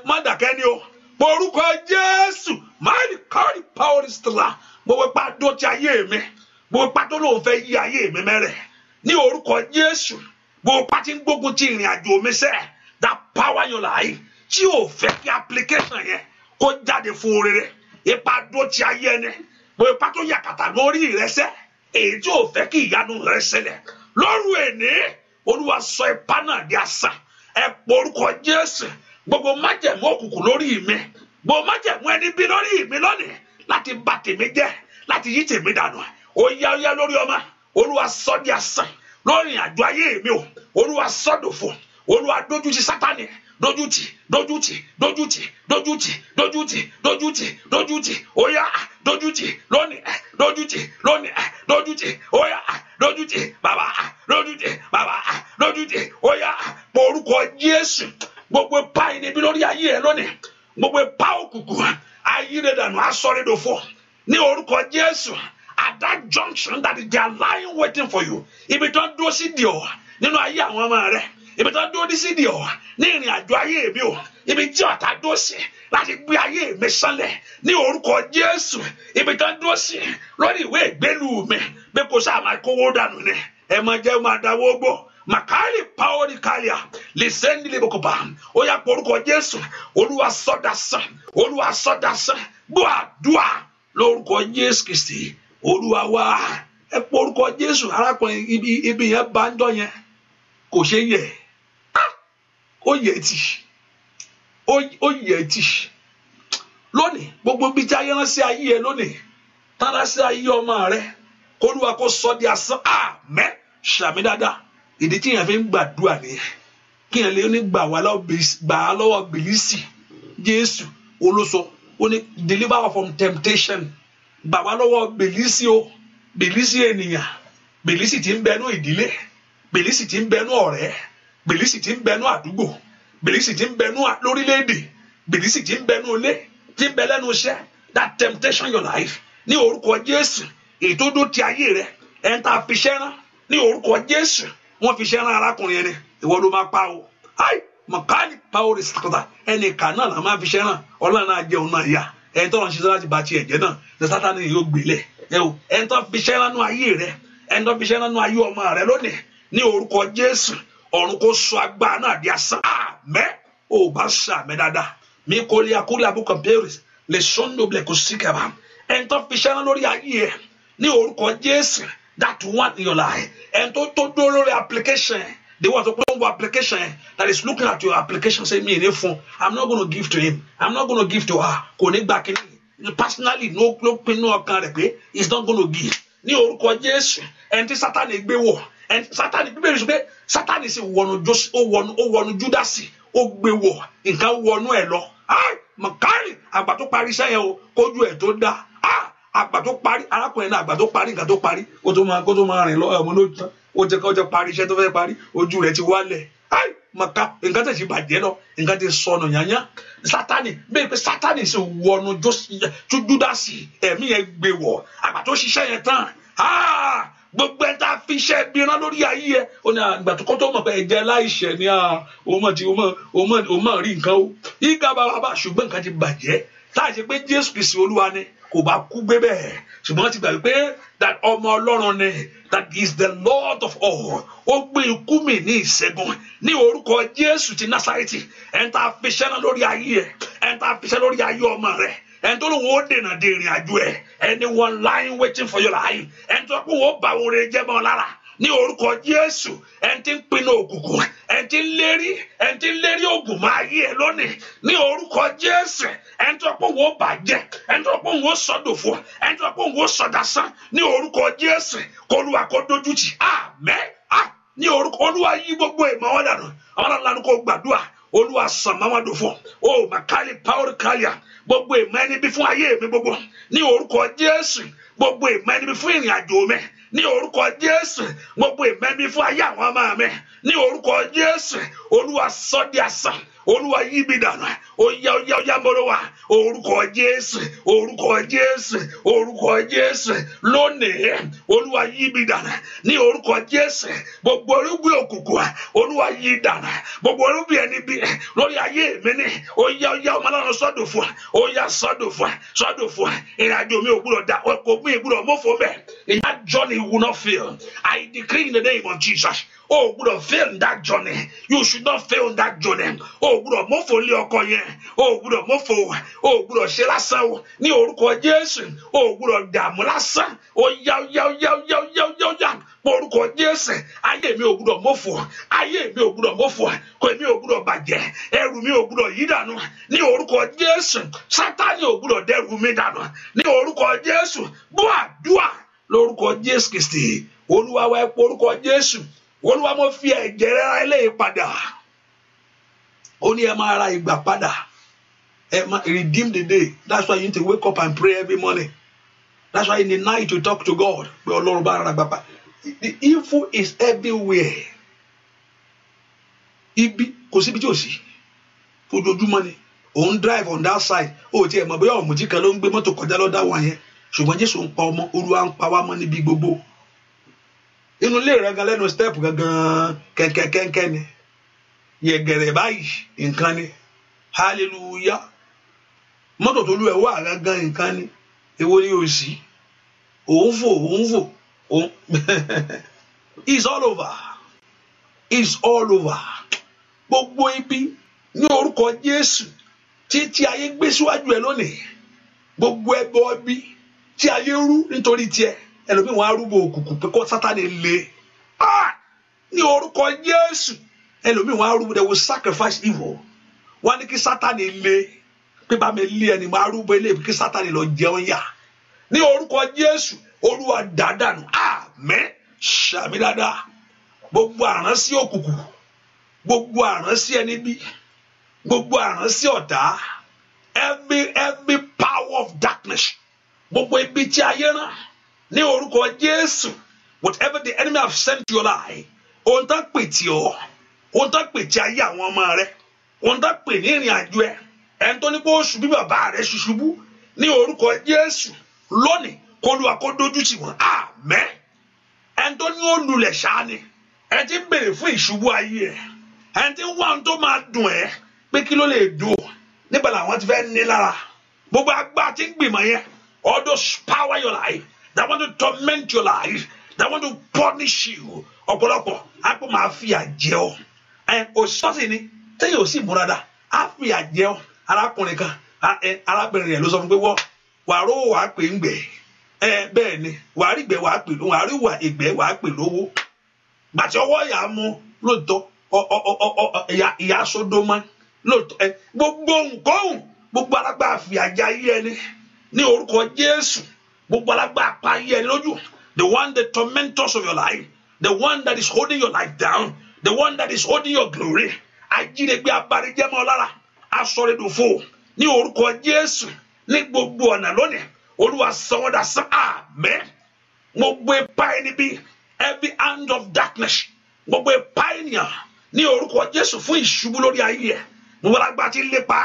má dàkẹ́ ní o orúkọ Jésù máa ní kọ́ọ̀rì pàwọ́rì sílá gbogbo ipa tó ti ayé mi gbogbo ipa tó lóun fẹ́ yí ayé mi mẹ́rẹ̀ ní orúkọ Jésù gbogbo ipa tí ń gbógun ti ìrìn àjò mi sẹ́ẹ̀ dá pàwọ́ yàn láàyè tí ò fẹ́ kí application yẹn kó jáde fún rere ipa tó ti ayé ẹni gbogbo ipa tó yàkàtà lórí ìrẹsẹ̀ èyí ofe ò iyanu kí ìyanu rẹ̀ ṣẹlẹ̀ lóru èní olúwa sọ ipá náà di asà ẹ porúkọ jésù gbogbo májẹ̀mú òkùnkùn lórí mi gbogbo májẹ̀mú ẹni bí lórí mi lónìí láti bà tèmi jẹ́ láti yí tèmi dànù ó yá ó yá lórí ọmọ olúwa sọ di asà lórí ìrìnàjò ayé mi o olúwa sọdòfò olúwa dójú ti sátani dójútì dójútì dójútì dójútì dójútì dójútì dójútì óyá dójútì lónìí dójútì lónìí dójútì óyá dójútì bàbá dójútì bàbá dójútì óyá orúkọ Jésù gbogbo ipa yìí níbi lórí ayé rẹ lónìí gbogbo ipa òkùnkùn ayíredànù asọrídòfò ní orúkọ Jésù at that junction that they are lying waiting for you ibi tó ń dúró sí di ọ nínú ayé àwọn ọmọ rẹ ibi tó dúró dí sí di ọ ní ìrìn àjò ayé mi o ibi tí ọ̀tá dúró sí láti gbé ayé mi sánlẹ̀ ní orúkọ Jésù ibi tó dúró sí lórí ìwé ìgbélú mi pé kò sáà máa kówó dànù ni ẹ máa jẹ́ máa dáwó gbó makali paoli kalia liseni libokopa ó yá porúkọ Oluwa Olúwa Oluwa sàn Olúwa sọdá sàn gbọ́ àdúrà lórúkọ Jésù Kristi Olúwa wá ẹ porúkọ Jésù arákùnrin ibi ibi yẹn bá ń dọ yẹn kò ṣe yẹ. Oyètì Oyètì lónìí gbogbo bíi tí ayé ránṣẹ́ ayé ẹ lónìí tánránṣẹ́ ayé ọmọ rẹ kóluwa kó sọ di asán àmẹ́ ṣàmì dáadáa ìdí tí yẹn fi ń gbàdúrà nìyẹn kí yẹn lè ní gbà wá lọ́wọ́ bìlísì Jésù olóso ó ní deliver from temptation gbà wá lọ́wọ́ bìlísì o bìlísì ènìyàn bìlísì tí ń bẹnu ìdílé bìlísì tí ń bẹnu ọ̀rẹ́ bìlísì ti ń bẹnu àdúgbò bìlísì ti ń bẹnu lórílẹ̀‐èdè bìlísì ti ń bẹnu ilé ti ń bẹ lẹ́nu iṣẹ́ that temptation your life ní orúkọ Jésù èyí tó dó ti ayé rẹ ẹni tá a fi iṣẹ́ rán ní orúkọ Jésù wọ́n fi iṣẹ́ rán arákùnrin ẹni ìwọ ló máa pa o ai mọ̀káàlì pàwọ́rì sàkọ́tà ẹnì kan náà là máa fi iṣẹ́ rán ọlọ́run náà jẹun náà yá ẹni tó lọ ṣiṣẹ́ láti bá tiẹ̀ jẹ́ náà ní Sátánì yóò gbélé ẹni tó fi iṣẹ́ nú ayé rẹ ẹni tó fi iṣẹ́ nú ayé ọmọ rẹ lónìí ní orúkọ Jésù ọ̀run kò sọ agbára náà di asán àmẹ́ ò bá sọ àmẹ́ dáadáa mi kò lè akúlẹ̀ abúkan pérez lè sọ́nù blẹ̀ kò sí kẹfà ẹni tó fi ṣẹ́ná lórí ayé ẹ̀ ní orúkọ jésù that one in your life ẹni tó tó dúró lórí application the one tó pé ó ń wo application that is looking at your application say mi ì ní fún i'm not gonna give to him i'm not gonna give to her kò ní gbà kínní personally ló pinnu ọkàn rẹ̀ pé he's not gonna give ní orúkọ jésù ẹni tí sátani gbé wọ̀ sátani bíbélì sọ pé sátani sì wọnú ó wọnú júdásì ó gbé wọ̀ nǹkan wọnú ẹ̀ lọ mọ̀kárì àgbà tó parí iṣẹ́ yẹn o kójú ẹ̀ tó dáa àgbà tó parí arákùnrin náà àgbà tó parí nǹkan tó parí kó tó máa kó tó máa rìn lọ ọmọ ló tán ó jẹ kó jẹ parí iṣẹ́ tó fẹ́ parí ojú rẹ̀ ti wálẹ̀ ai màkà nǹkan tẹ̀sí bàjẹ́ lọ nǹkan tẹ̀ sọnù yányá sátani bẹ́ẹ̀ pé sátani sì wọnú júdásì ẹ̀mí yẹn gbé wọ̀ àgbà tó yẹn tán gbogbo ẹni tá a fi iṣẹ́ ibi rán lórí ayé ẹ ó ní àgbà tó kọ́ tó mọ̀ pé ẹ̀jẹ̀ láìṣẹ̀ ni òmò tí òmò rí nǹkan o ìgbà bàbá bá ṣùgbọ́n nǹkan ti bàjẹ́ táà ṣe pé Jésù Kristi Olúwa ni kò bá kú gbé bẹ́ẹ̀ ṣùgbọ́n ti gbà wípé that ọmọ Ọlọ́run ni that is the Lord of all ó gbé ikú mi ní ìṣẹ́gun ní orúkọ Jésù ti Násárẹ́tì ẹni tá a fi iṣẹ́ náà lórí ayé ẹ ẹni tá a fi iṣẹ́ lórí ayé ọmọ rẹ̀ ẹni tó ló wọ́n dènà de ìrìn anyone lying waiting for your life ẹni tó kó wọ́n bá wọlé jẹ́ mọ́ lára ní orúkọ Jésù ẹni tí ń en òkùnkùn ẹni ogun ma lérí ẹni loni, ni oruko jesu, máa yí ẹ lónìí ní orúkọ Jésù ẹni tó kó wọ́n bàjẹ́ ẹni tó sodasan ni oruko ẹni tó gbogbo ìmọ̀ ẹni bí fún ayé mi gbogbo ní orúkọ Jésù gbogbo ìmọ̀ ẹni bí fún ìrìn àjò mi ní orúkọ jésù gbogbo ìmẹ́bí fún ayé àwọn ọmọ mi ní orúkọ jésù olúwa sọ di asán olúwa yìí mi dànù óyá óyá óyá mọ́rọ́ wa orúkọ jésù orúkọ jésù orúkọ jésù lónìí olúwa yìí mi dànù ní orúkọ jésù gbogbo irúgbìn òkùnkùn olúwa dànù gbogbo ẹni bí lórí ayé mi ní óyá óyá ọmọ náà fún fún fún ìrìnàjò mi ò gbúdọ̀ dá ọkọ̀ mi ò gbúdọ̀ mọ́fọ́ Oh, o gbúdọ̀ fail in that journey you should not fail in that journey o gbúdọ̀ mọ́fò lé ọkọ yẹn o gbúdọ̀ Oh, o gbúdọ̀ ṣe lásán o ní orúkọ Oh, o gbúdọ̀ dààmú lásán o yá yá yá yá yá yá yá orúkọ Jésù ayé mi ò gbúdọ̀ mọ́fò ayé mi ò gbúdọ̀ mọ́fò kò mi ò gbúdọ̀ bàjẹ́ ẹrù mi ò gbúdọ̀ yí dànù ní orúkọ Jésù Sátánì ò gbúdọ̀ dẹrù mi dànù ní orúkọ Jésù gbọ́ àdúrà lórúkọ Jésù Kristi olúwa wa ẹ pé orúkọ Jésù olúwa mo fi ẹ̀jẹ̀ rẹ ra eléyìí padà ó ní ẹ máa ra ìgbà padà ẹ máa redeem the day that's why you need to wake up and pray every morning that's why in the night you talk to God pé ọlọ́run bá ra ìgbà the evil is everywhere ibi kò síbi tí ò sí ojoojúmọ́ ni òun drive on that side ó tiẹ̀ mọ̀ bóyá ọ̀mùtí kan ló ń gbé mọ́tò kọjá lọ́dá wọn yẹn ṣùgbọ́n Jésù ń pa ọmọ olúwa ń pa wá mọ́ níbi gbogbo inú ilé rẹ gan lẹ́nu step gangan kẹ̀kẹ́kẹ́kẹ́ ni yẹ̀gẹ̀rẹ̀ báyìí nǹkan ni hallelujah mọ́tò tó lù ẹ̀ wà gangan nǹkan ni èwo ni yóò sí òun fò òun fò òun it's all over it's all over gbogbo ibi ní orúkọ Jésù títí ayé gbé síwájú ẹ lónìí gbogbo ẹbọ ibi tí ayé rú nítorí tiẹ̀ ẹlòmíì wọn arúgbó òkùnkùn pé kó sátani lé ní orúkọ Jésù ẹlòmíì wọn arúgbó they will sacrifice evil wọn ní kí sátani lé pé bá mi lé ẹni máa rúbọ ilé kí sátani lọ jẹun yà ní orúkọ Jésù olúwa dáadáa nù àmín sàmì dáadáa gbogbo àránsí òkùnkùn gbogbo àránsí ẹni bí gbogbo àránsí ọ̀tá every every power of darkness gbogbo ibi tí ayé rán ní orúkọ Jésù whatever the enemy have sent your life ohun tá pè tí ọ ohun tá pè tí ayé àwọn ọmọ rẹ ohun tá pè ní ìrìn àjò ẹ ẹni tó ní kó oṣù bí bàbá rẹ ṣùṣubú ní orúkọ Jésù lónìí kó lu àkódójú tì wọn àmín ẹni tó ní ó lulẹ̀ ṣáni ẹni tí ń béèrè fún ìṣubú ayé ẹ ẹni tí ń wá ohun tó máa dùn ẹ pé kí ló lè dùn ọ nígbà làwọn ti fẹ́ ní lára gbogbo agbá tí ń gbìmọ̀ yẹn all those power your life that want to torment your life, that want to punish you. Ọ̀pọ̀lọpọ̀ á kó máa fi àjẹ́ ọ. Òṣìṣọ́sì ni tẹ́yìn ò sì mú dáadáa, á fi àjẹ́ ọ. Arákùnrin kan, arábìnrin rẹ̀ ló sọ fún pé wọ́n wàá rówó wàá pè ń gbẹ̀. Bẹ́ẹ̀ ni wàá rí ìgbẹ́ wàá pè lówó, wàá rí ìwà ìgbẹ́ wàá pè lówó. Gbàtí ọwọ́ ìyá mú lóòótọ́ ìyá sódómọ́ lóòótọ́ gbogbo nǹkan gbogbo alágbàáfì àjẹ́ ayé ẹni ní orúkọ Jésù gbogbo alágbá apá ayé ẹni lójú the one that tormentors of your life the one that is holding your life down the one that is holding your glory ajínigbé abarijẹmọ lára asọrẹdùfò ní orúkọ Jésù ní gbogbo ọ̀nà lónìí olúwa sanwó-dà sàn àmẹ́ gbogbo ipa ẹni bí every hand of darkness gbogbo ipa ènìyàn ní orúkọ Jésù fún ìṣubú lórí ayé ẹ gbogbo alágbá tí lépa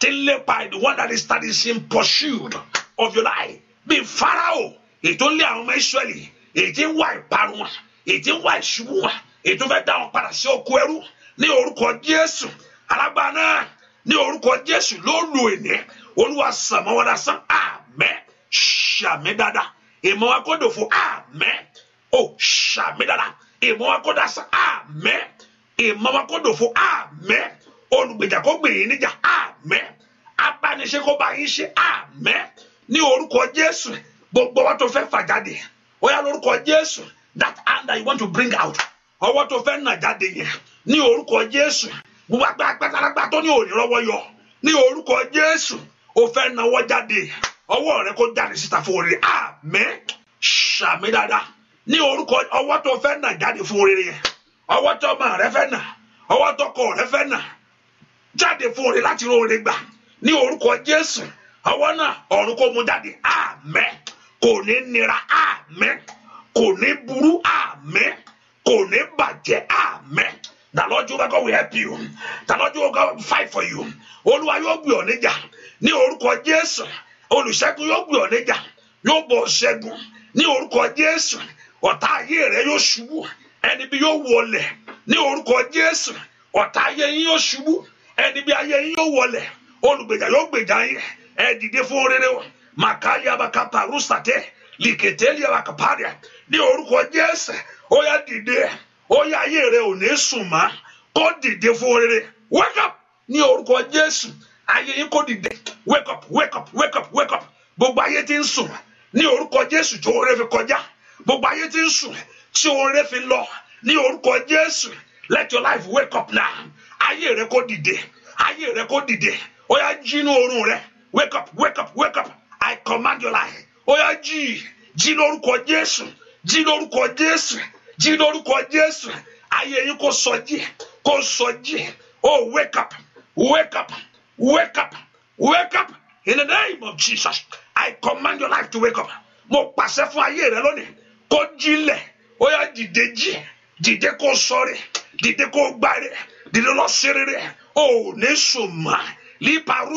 tí lépa the one that is that is in of your life bíi farao ètò ń lé àwọn ọmọ israẹli ètò ń wá ìparun wa ètò ń wá ìṣubú wa ètò fẹ́ dá wọn padà sí oko ẹrú ní orúkọ jésù alágbá náà ní orúkọ jésù ló lu ènìyàn olúwa sàmọ́ wọn lásán àmẹ́ ṣàmì dáadáa ìmọ̀ akọ́dọ̀fọ̀ àmẹ́ ò ṣàmì dáadáa ìmọ̀ akọ́dàsán àmẹ́ ìmọ̀ akọ́dọ̀fọ̀ àmẹ́ olùgbèjà kó gbè yín níjà àmẹ́ abániṣe kó bá yín ṣe àmẹ́. ní orúkọ Jésù gbogbo ọwọ́ tó fẹ́ fà jáde ó yá lórúkọ Jésù that hand that you want to bring out ọwọ́ tó fẹ́ nà jáde yẹn ní orúkọ Jésù gbogbo agbá agbátalágbá tó ní òní rọ́wọ́ yọ ní orúkọ Jésù o fẹ́ nawọ́ jáde ọwọ́ rẹ kó jáde síta fún oríire àmín ṣàmì dáadáa ní orúkọ ọwọ́ tó fẹ́ nà jáde fún oríire yẹn ọwọ́ tó ọmọ rẹ fẹ́ nà ọwọ́ tó kọ rẹ fẹ́ nà jáde fún oríire láti rí oríire gbà ní orúkọ Jésù Ọwọ náà ọ̀run kó mu jáde àmín kò ní nira àmín kò ní burú àmín kò ní bàjẹ́ àmín the Lord Jehovah you for you olúwa yóò gbé níjà ní orúkọ Jésù olùṣẹ́gun yóò gbé níjà yóò bọ̀ ṣẹ́gun ní orúkọ Jésù ọ̀tá ayé rẹ yóò ṣubú ẹni bí yóò wọlé ní orúkọ Jésù ọ̀tá ayé yín yóò ṣubú ẹni ẹ eh, dìde fún orere wọn màkàlì abakapa rúsàtẹ lìkẹtẹlì abakaparia ní orúkọ jésù ó yá dìde ó yá ayé rẹ ò fún orere wake up Ni orúkọ jésù ayé yín kó dìde wake up wake up wake up wake up gbogbo ayé ti ń sùn ní orúkọ jésù tí oore fi kọjá gbogbo ayé ti ń sùn tí oore fi lọ ni orúkọ jésù let your life wake up now ayé rẹ kó dìde ayé rẹ kó dìde Oya yá jí inú wake up wake up wake up I command your life Oya ji, jí jí lórúkọ Jésù jí lórúkọ Jésù jí lórúkọ Jésù ayé yín kò sọjí kò sọjí oh wake up wake up wake up wake up in the name of Jesus I command your life to wake up mo pàṣẹ fún ayé rẹ lónìí kó jí lẹ̀ ó yá dìde jí dìde kó sọrí dìde kó gbáre dìde lọ sí rere ò ní sùn mọ́ líparú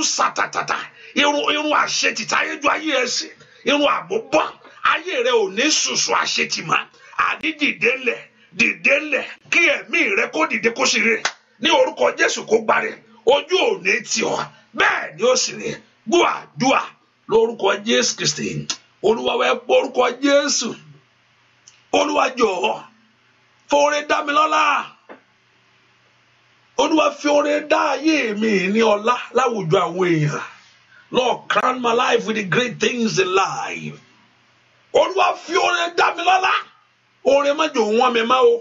irun irun àṣetì táyé ju ayé ẹ sí irun àbúbọ ayé rẹ ò ní ṣùṣù àṣetì mọ́ àní dìde lẹ̀ dìde lẹ̀ kí ẹ̀mí rẹ kó dìde kó sì rè ní orúkọ Jésù kó gbàrẹ ojú ò ní tì ọ́ bẹ́ẹ̀ ni ó sì rè gbọ́ àdúà lórúkọ Jésù Kristi Olúwa wẹ orúkọ Jésù Olúwa jọ̀ọ́ fòrè dá mi lọ́lá Olúwa fi oore dá ayé mi ní ọlá láwùjọ àwọn èèyàn. Lord, crown my life with the great things in life. Olúwa fi oore dá mi lọ́lá, oore má jò wọ́n mi mọ́ o.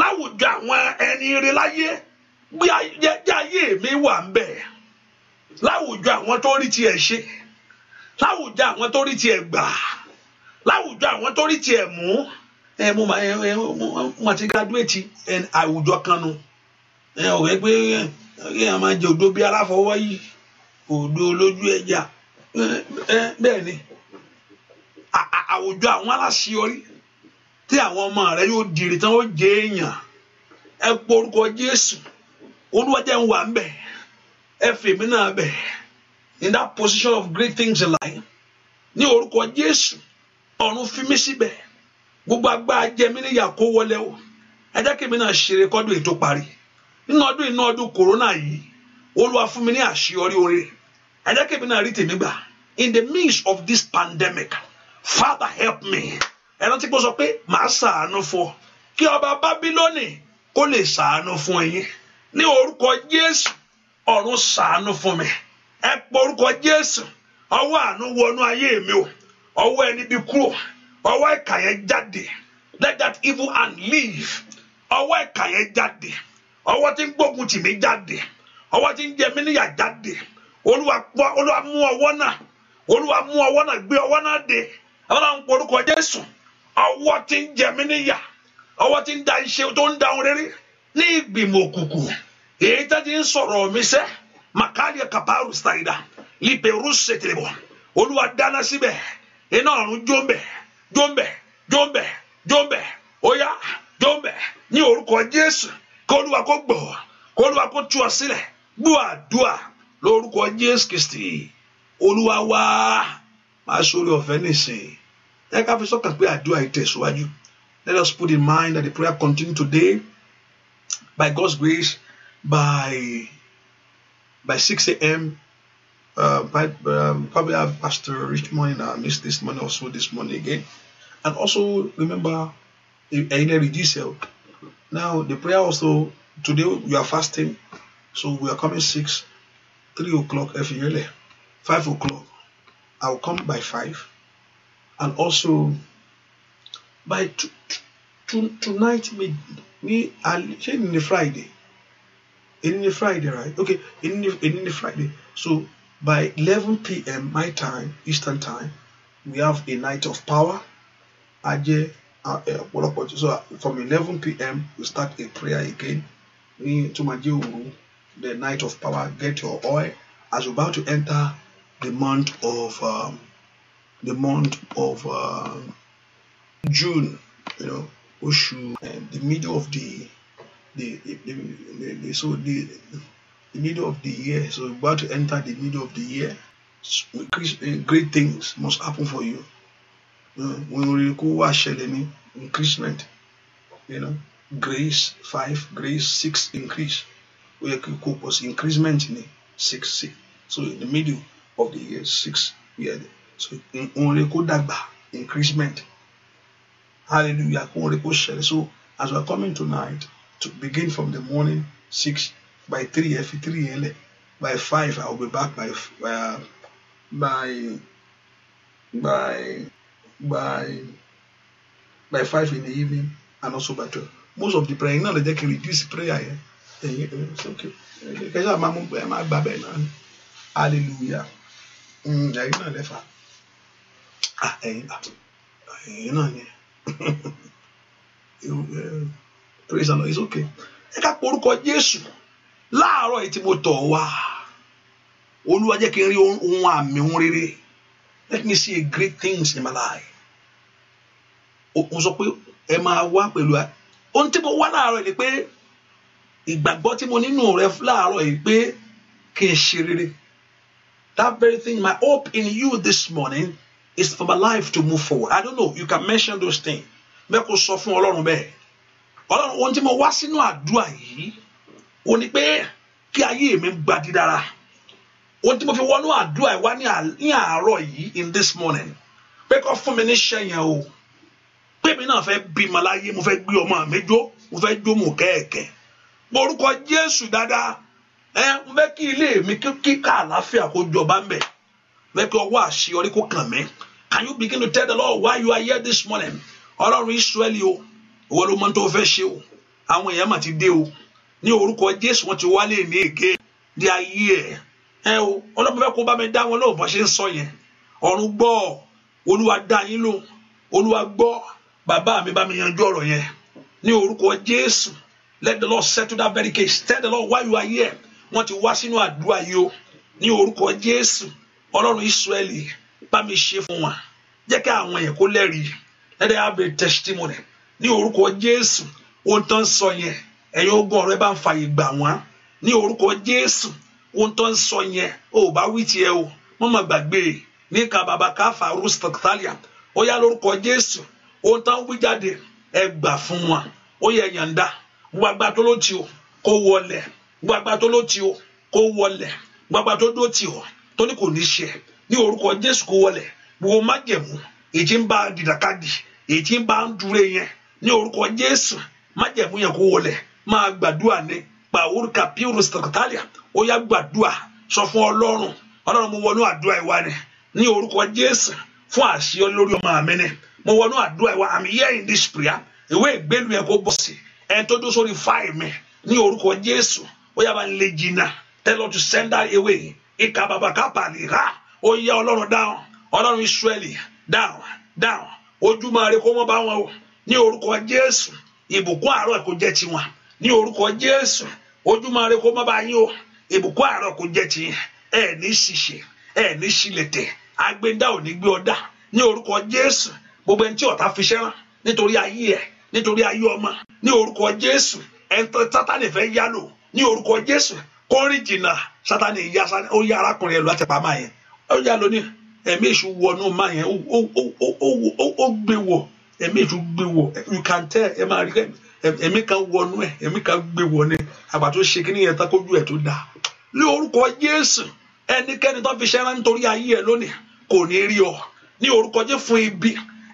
Láwùjọ àwọn ẹni rí láyé, bí ayé mi wà ń bẹ̀. Láwùjọ àwọn tó rí tiẹ̀ ṣe, láwùjọ àwọn tó rí tiẹ̀ gbà, láwùjọ àwọn tó rí tiẹ̀ mú. Ẹ mo máa ẹ ẹ mo ti gàdúrẹ́tì àwùjọ kan nu. Ẹ ò wẹ́ pé ẹ máa jẹ òdo bí aláfọwọ́ yìí. òdo olójú ẹja bẹ́ẹ̀ ni àwùjọ àwọn aláṣeyọrí tí àwọn ọmọ rẹ yóò dìrì tán ó jẹ èèyàn ẹ porúkọ Jésù olúwàjẹ ń wà ń bẹ ẹ fèmí náà bẹ in that position of great things in life ní orúkọ Jésù ọ̀run fi mí síbẹ̀ gbogbo agbára jẹmí níyà kó wọlé o ẹ jẹ́ kí èmi náà ṣe rékọ́dù ètò parí nínú ọdún inú ọdún kòrónà yìí olúwa fún mi ní àṣeyọrí oore ẹ jẹ́ náà rí tèmi gbà in the midst of this pandemic father help me ẹ rántí pé ó sọ pé màá ṣàánú fún ọ kí ọba bábílónì kó lè ṣàánú fún ẹ̀yin ní orúkọ jésù ọ̀run ṣàánú fún mi ẹ pọ orúkọ jésù ọwọ́ àánú wọnú ayé mi o ọwọ́ ẹni bí kúrò ọwọ́ ìkà yẹn jáde let that evil hand leave ọwọ́ ìkà yẹn jáde ọwọ́ tí ń gbógun tì mí jáde. ọwọ́ njem ń jẹ mí níyà jáde olúwa mú ọwọ́ náà olúwa mú ọwọ́ náà gbé ọwọ́ náà dé àwọn ń porúkọ jésù ọwọ́ tí ń jẹ mí níyà ọwọ́ da iṣẹ́ tó ń da ohun rere ní ìgbìmọ̀ òkùnkùn èyí ti ń sọ̀rọ̀ mi sẹ́ staida olúwa dáná síbẹ̀ iná ọ̀run gbọ́ àdúà lórúkọ jésù kristi olúwa wá máa sórí ọ̀fẹ́ nìsín ẹ ká fi sọ́kàn pé àdúà yìí tẹ̀síwájú let us put in mind that the prayer continue today by God's grace by by six a.m. Uh, by um, probably have Pastor Richmond and I missed this morning or also this morning again and also remember in Eneri Giselle now the prayer also today you are fasting So we are coming 6, 3 o'clock every 5 o'clock. I'll come by 5. And also by t- t- tonight, me, me, I'll say in the Friday. In the Friday, right? Okay, in the, in the Friday. So by 11 p.m. my time, Eastern time, we have a night of power. Ajay ọ̀pọ̀lọpọ̀ so from eleven pm we start a prayer again Me to my dear the night of power, get your oil as you're about to enter the month of um, the month of uh, June. You know, Oshu eh, and the middle of the the, the, the, the so the, the middle of the year. So you're about to enter the middle of the year. Eh, great things must happen for you. When we go you increasement, you know, grace five, grace six, increase ó yẹ kí kó pọ̀ sí increment six six so in the middle of the year six year so only could that dàgbà increasement. hallelujah kó òun rẹ kó so as we are coming tonight to begin from the morning six by three ẹ three yẹn by five I will be back by uh, by by by by five in the evening and also by twelve most of the prayer náà lè jẹ́ kí reduce prayer Yeah? ẹ̀yin ẹ̀yin sókè kẹsà máa mú náà hallelujah mm, ẹ̀yin náà lẹ́fà ah, ẹ̀yin ah, ẹ̀yin náà ni praise and it's okay ẹ ká porúkọ Jésù láàárọ̀ yìí tí mo tọ̀ wá Olúwa jẹ́ kí n rí ohun àmì ohun rere let me see great things in my life mo sọ pé ẹ máa wá pẹ̀lú ohun tí mo wá láàárọ̀ yìí ni pé ìgbàgbọ́ tí mo nínú rẹ láàárọ̀ yìí pé kí n ṣe rere that very thing my hope in you this morning is for my life to move forward I don't know you can mention those things bẹ́ẹ̀ kó sọ fún ọlọ́run bẹ́ẹ̀ ọlọ́run ohun tí mo wá sínú àdúrà yìí ó ní pé kí ayé mi gba dídára ohun tí mo fi wọnú àdúrà yìí wá ní àárọ̀ yìí in this morning pé kó fún mi ní iṣẹ́ yẹn o pé mi náà fẹ́ bímọ láyé mo fẹ́ gbé ọmọ mi jó mo fẹ́ jó mò kẹ́ẹ̀kẹ́ porúkọ Jésù dáadáa ẹ ń bẹ kí ilé mi kíkà àlàáfíà kó jọba ń bẹ bẹ kí ọwọ́ àṣeyọrí kó kàn mí can you begin to tell the Lord why you are here this morning Ọlọ́run Ísírẹ́lì o ìwọ ló mọ̀ tó fẹ́ ṣe o àwọn èèyàn mà ti dé o ní orúkọ Jésù wọ́n ti wálé ní èké di ayé ẹ ẹ o Ọlọ́run fẹ́ kó bá mi dá wọn lóò bọ́ ṣe ń sọ yẹn ọ̀run gbọ́ Olúwa dá yín lò Olúwa gbọ́ bàbá mi bá mi yanjú ọ̀rọ̀ yẹn ní orúkọ Jésù let the Lord settle that very case tell the Lord why you are here wọ́n ti wá sínú àdúrà yìí o ní orúkọ Jésù Ọlọ́run Ísírẹ́lì bá mi ṣe fún wa jẹ́ kí àwọn yẹn kó lẹ́rìí let them have a testimony ní orúkọ Jésù ohun tó ń sọ yẹn ẹ̀yin ogun ọ̀rọ̀ ẹ bá ń fààyè gbà wọ́n ní orúkọ Jésù ohun tó ń sọ yẹn ò bá wí tiẹ̀ o wọ́n mọ̀ gbàgbé e. ní ká bàbá ká fàrú stọkítàlíà ó yá lórúkọ Jésù ohun tó ń wí jáde ẹ gbà fún wọn ó yẹ yàn dá gbogbo agbá tó ló ti o kó wọlẹ̀ gbogbo agbá tó ló ti o kó wọlẹ̀ gbogbo agbá tó dó ti o tó ní kò ní ṣe ní orúkọ Jésù kó wọlẹ̀ gbogbo májẹ̀mú èyí tí ń bá dìdàkadì èyí tí ń bá ń dúró yẹn ní orúkọ Jésù májẹ̀mú yẹn kó wọlẹ̀ máa gbàdúrà ní pàwórùkà píùrù sàkátàlíà ó yá gbàdúrà sọ fún Ọlọ́run Ọlọ́run mo wọnú àdúrà ìwà ni ní orúkọ Jésù fún àṣeyọrí lórí ọmọ mi ni mo wọnú àdúrà ìwà I'm hearing this prayer ìwé ìgbélú yẹn kó bọ̀ sí i ẹni tó dúró sórí five mi ní orúkọ Jésù ó yá bá lè jìnnà tell Lord to send that away ìka bàbá kápálì rà ó yá Ọlọ́run down Ọlọ́run Ísírẹ́lì down down ojúmọ́ rẹ kó mọ́ bá wọn o ní orúkọ Jésù ìbùkún àárọ̀ kò jẹ́ tiwọn ní orúkọ Jésù ojúmọ́ rẹ kó mọ́ bá yín o ìbùkún àárọ̀ kò jẹ́ tiwọn ẹ ní ṣìṣe ẹ ní ṣìlẹ̀tẹ̀ agbẹ́dá ò ní gbé ọ̀dà ní orúkọ Jésù gbogbo ẹni tí ọ̀tá fi ṣẹ́ràn nítorí ayé ẹ̀ nítorí ayé ọmọ ní orúkọ jésù ẹntọ sátani fẹ́ yálò ní orúkọ jésù kọrin jìnnà sátani ìyá ó yá arákùnrin ẹlò àti pàmò yẹn ó yálò ní ẹ̀mí èṣù wọnú má yẹn ó gbé wọ ẹ̀mí èṣù gbé wọ you can tell ẹ máa rí ẹ̀mí kan wọnú ẹ ẹ̀mí kan gbé wọ ni àgbà tó ṣe kíní yẹn tán kójú ẹ tó dáa ní orúkọ jésù ẹnikẹ́ni tó fi ṣẹ́ran nítorí ayé ẹ lónìí kò ní rí ọ ní orúkọ jésù fún ibi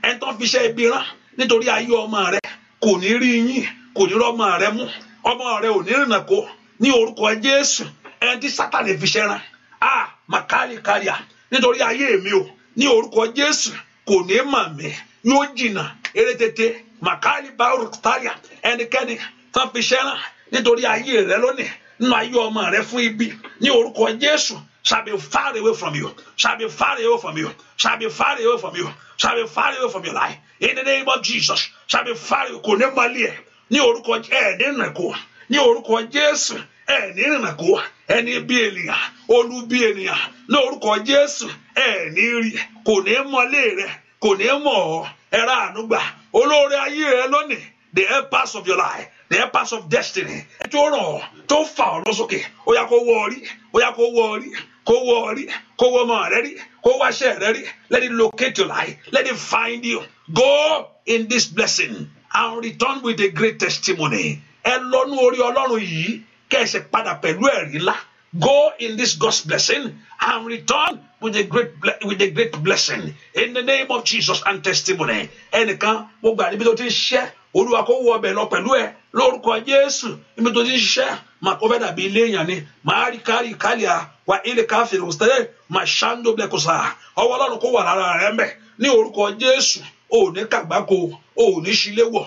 ẹni tó fi ṣẹ́ ibi rán nítorí ayé ọmọ rẹ kò ní rí yín kò ní rọmọ rẹ mú ọmọ rẹ ò ní rìnà kó ní orúkọ jésù ẹni tí sátani fi ṣẹran a màkàlì kàlíà nítorí ayé mi o ní orúkọ jésù kò ní mà mí yóò jìnnà eré tètè màkàlì báwòrò kàlíà ẹnikẹ́ni tán fi ṣẹran nítorí ayé rẹ lónìí nínú ayé ọmọ rẹ fún ibi ní orúkọ jésù shall be far away from you, shall be far away from you, shall be far away from you, shall be far away from your life in the name of Jesus ṣàbí fáre kò ní malẹ̀ ní orúkọ ẹ̀ ní nàkó ní orúkọ Jésù ẹ̀ ní nàkó ẹni bí ènìyàn olú bí ènìyàn ní orúkọ Jésù ẹ̀ ní rí kò ní mọlé rẹ kò ní mọ̀ ọ́ ẹ̀rọ ànúgbà olóore ayé rẹ lónìí the helpers of your life the helpers of destiny tó ràn ọ́ tó fà ọ́ lọ sókè ó yá kó wọ ọ rí ó yá kó wọ ọ rí kó wọ ọ rí kó wọ ọmọ rẹ rí kó wáṣẹ rẹ rí let it locate your life let it find you go in this blessing and return with a great testimony ẹ lọ́nú orí ọlọ́run yìí kẹ̀sẹ̀ padà pẹ̀lú ẹ̀rí ńlá go in this God's blessing and return with a great with a great blessing in the name of Jesus and testimony ẹnìkan mo gbà níbi tó ti ń ṣiṣẹ́ olúwa kó wọ ọbẹ̀ lọ pẹ̀lú ẹ lórúkọ Jésù níbi tó ti ń ṣiṣẹ́ ma ko fẹ́ dàbí ni máa rí kárí kálíà wa ilé káfíìrì òsítẹ́lẹ̀ ma ṣáńdó bẹ́ẹ̀ kó sà ọwọ́ ọlọ́run kó wà lára rẹ mẹ́ ní orúkọ jésù o ò e ní kàgbákò o ò ní ṣiléwọ̀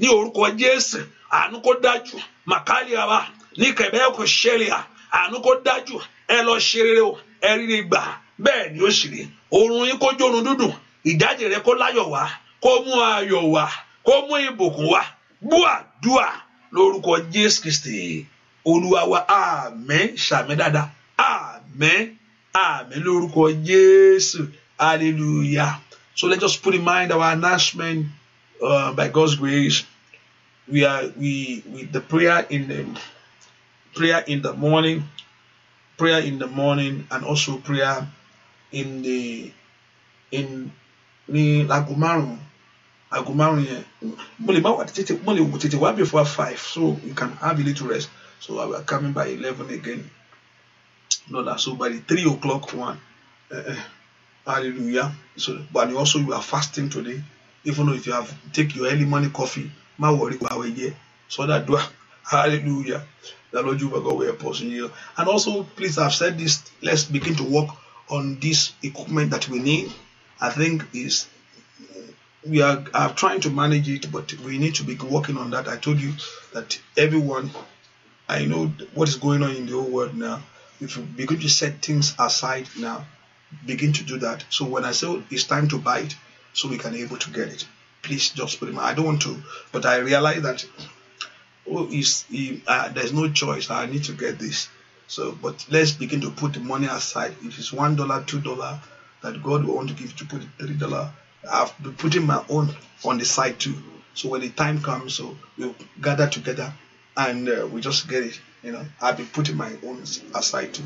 ní orúkọ jésù àánú kó dájú mà wa ní kẹ̀bẹ́ kò ṣẹlẹ̀ àánú kó dájú ẹ lọ ṣe o ẹ rírí gbà bẹ́ẹ̀ ni ó sì rí oorun yín kó jórun dúdùn ìjáde rẹ kó láyọ̀ wá kó mú ayọ̀ wá kó mú ìbùkún wá gbúà dúà lórúkọ jésù kristi olúwa wa àmín ṣàmín dáadáa àmín àmín lórúkọ jésù hallelujah so let us put in mind our announcement uh, by God's grace we are we with the prayer in the prayer in the morning prayer in the morning and also prayer in the in ní lago aago márùn yẹn mo lè má wà tètè mo lè tètè wá before five so you can have a little rest so i will come by eleven again lọ́la so by the three o'clock one uh, hallelujah so but you also you are fasting today even though if you have take your early morning coffee má wọrí pa àwẹ̀ So that do. hallelujah the lord jehovah god will help us in you and also please i have said this let's begin to work on this equipment that we need i think is we are, are trying to manage it, but we need to be working on that. I told you that everyone, I know what is going on in the whole world now. If you begin to set things aside now, begin to do that. So when I say it's time to buy it, so we can be able to get it, please just put it. I don't want to, but I realize that oh, uh, there's no choice. I need to get this. So, but let's begin to put the money aside. If it's one dollar, two dollar, that God will want to give to put three dollar I've been putting my own on the side too. So when the time comes, so we we'll gather together and uh, we just get it. You know, I've been putting my own aside too.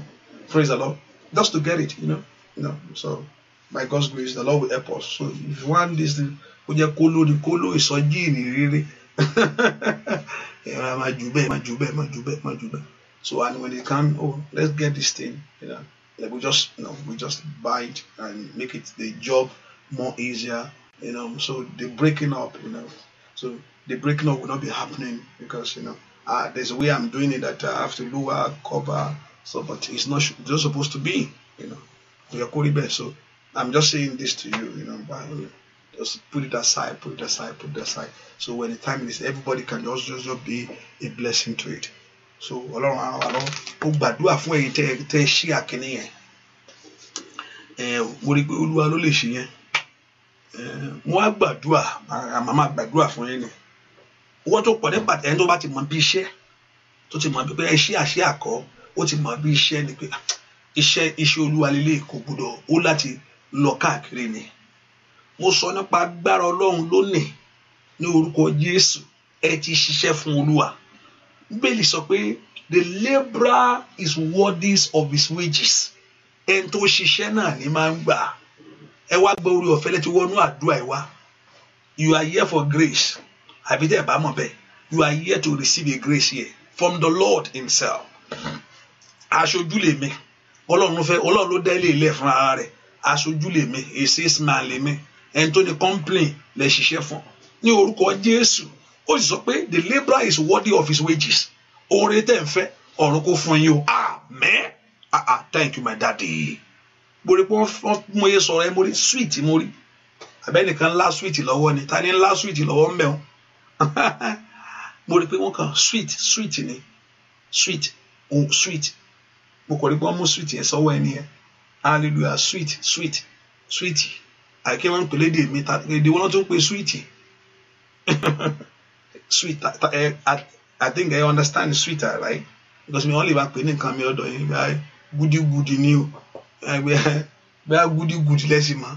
Praise the Lord. Just to get it, you know. You know. So by God's grace, the Lord will help us. So if you want this thing, kó jẹ́ kó lórí kó lórí ìsọjí ìrìnrere. Ẹ̀rọ máa jù bẹ́ẹ̀, So and when it come, oh, let's get this thing, you know. Like we just, you know, we just buy it and make it the job more easier, you know. So the breaking up, you know, so the breaking up will not be happening because you know uh, there's a way I'm doing it that I have to lower cover. So, but it's not it's not supposed to be, you know. We are So I'm just saying this to you, you know, by just put it aside, put it aside, put it aside. So when the time is, everybody can just just, just be a blessing to it. So Ọlọ́run ara wa lọ, ó gbàdúrà eh, Olúwa ló lè ṣe yẹn wọn á gbàdúrà màmá gbàdúrà fún yín ni owó tó pọ̀ nípa ẹni tó bá ti mọ bí iṣẹ́ tó ti mọ bí pé iṣẹ́ àṣẹ àkọ́ ó ti mọ bí iṣẹ́ ni pé iṣẹ́ iṣẹ́ olúwa lílé kò gbọdọ̀ ó láti lọ káàkiri ni mo sọ nípa agbára ọlọ́run lónìí ní orúkọ jésù ẹ ti ṣiṣẹ́ fún olúwa bẹ́ẹ̀lì sọ pé the labourer is worthy of his wages ẹni tó ṣiṣẹ́ náà ni máa ń gbà á ẹ wá gbọ́ orí ọ̀fẹ́ lẹ́tí wọnú àdúrà ẹ wá you are here for grace àbí tẹ́ ẹ bá mọ̀ bẹ́ẹ̀ you are here to receive a grace here from the Lord himself aṣojú lèmi ọlọ́run fẹ́ ọlọ́run ló dá ilé ilẹ̀ fún ara rẹ̀ aṣojú lèmi a sales man lèmi ẹni tó ní complain lè ṣiṣẹ́ fún ní orúkọ Jésù ó sì sọ pé the labourer is worthy of his wages oore tẹ̀ ń fẹ́ ọ̀run kó fún yín o amen ah ah thank you my daddy mo rí pé wọ́n mú iye sọ̀rọ̀ yẹn mo rí sweet mo rí àbẹ́nìkan ńlá sweet lọ́wọ́ ni ta ni ńlá sweet lọ́wọ́ ń bẹ̀ wọ́n mo rí pé wọ́n kàn sweet sweet ni sweet oh sweet mo kọ̀ rí pé wọ́n mú sweet yẹn sọ́wọ́ ẹni yẹn hallelujah sweet sweet sweet àìkè wọn ń pèlè èdè mi ta èdè wọn tún pè sweet sweet I, I, I think I understand sweet right because mi wọ́n lè bá pè ní nǹkan mi ọ̀dọ̀ yìí gbúdúgbúdú ni o ẹgbẹ́ bẹ́ẹ̀ gúdígúdí lẹ́sìn mọ́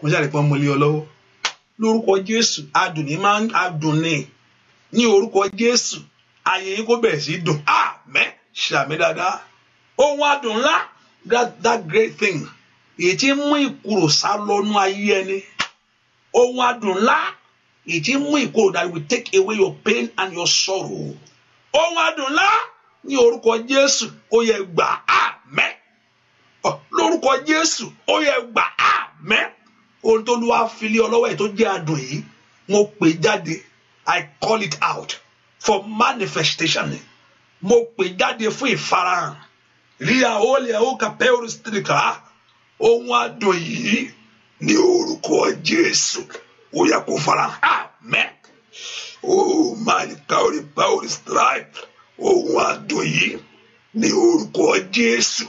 mo ṣàlẹ́pọ̀ mọ́lé ọ lọ́wọ́ lórúkọ Jésù adùnní máa ń adùnní ní orúkọ Jésù ayé yín kó bẹ̀rẹ̀ sí dùn àmẹ́ ṣàmì dáadáa ohun adùn ńlá that that great thing èyí tí ń mú ìkorò sá lọ́nú ayé ẹni ohun adùn ńlá èyí tí mú ìkorò that will take away your pain and your sorrow ohun adùn ńlá ní orúkọ Jésù ó yẹ gbà àmẹ́ lórúkọ jésù ó yẹ gbà àmín ohun tó lùwà filé ọlọ́wọ́ ẹ̀ tó jẹ́ adùn yìí mo pè jáde i call it out for manifestation mo pè jáde fún ìfarahàn ríra ó lè ó kàpẹ́ orísìtìrìkà ohun adùn yìí ní orúkọ jésù ó yẹ kó farahàn àmín oh my kaori power stripe ohun adùn yìí ní orúkọ jésù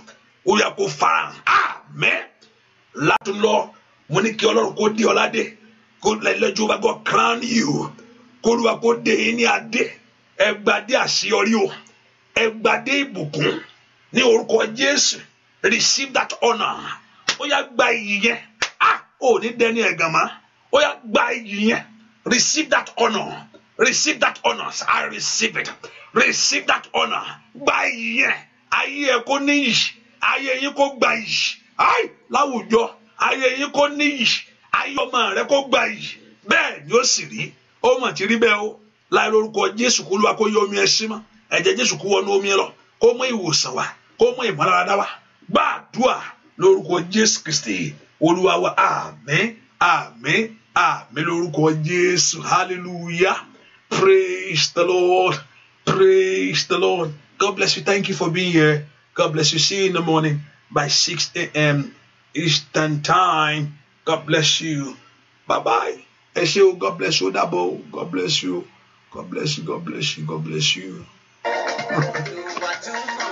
ó yẹ kó farahàn àmín láti lọ mo ní kí ọlọ́run kó dé ọládé kó lẹ́jọ́ bá gọ́ crown you kó lùwà kó dé yín ní adé ẹgbàdé àṣeyọrí o ẹgbàdé ìbùkún ní orúkọ jésù receive that honour ó yá gba iyì yẹn ah ò ní dẹni ẹ̀gàn mọ́ ó yá gba iyì yẹn receive that honour receive that honour I receive it receive that honour gba iyì yẹn ayé ẹ kó níyì ayé yín kó gba iyì ayi láwùjọ ayé yín kó ní iyì ayé ọmọ rẹ kó gba iyì bẹ́ẹ̀ ni ó sì rí ó mọ̀ ti rí bẹ́ẹ̀ o láì lórúkọ jésù kó lóa kó yọ omi ẹsìn mọ́ ẹ̀jẹ̀ jésù kó wọnú omi lọ kó mú ìwòsàn wá kó mú ìmọ̀láradá wá gbàdúà lórúkọ jésù kristi olúwa wa àmín àmín àmín lórúkọ jésù hallelujah praise the lord praise the lord god bless you thank you for being here. God bless you. See you in the morning by 6 a.m. Eastern Time. God bless you. Bye bye. I say, oh, God bless you, double. God bless you. God bless you. God bless you. God bless you.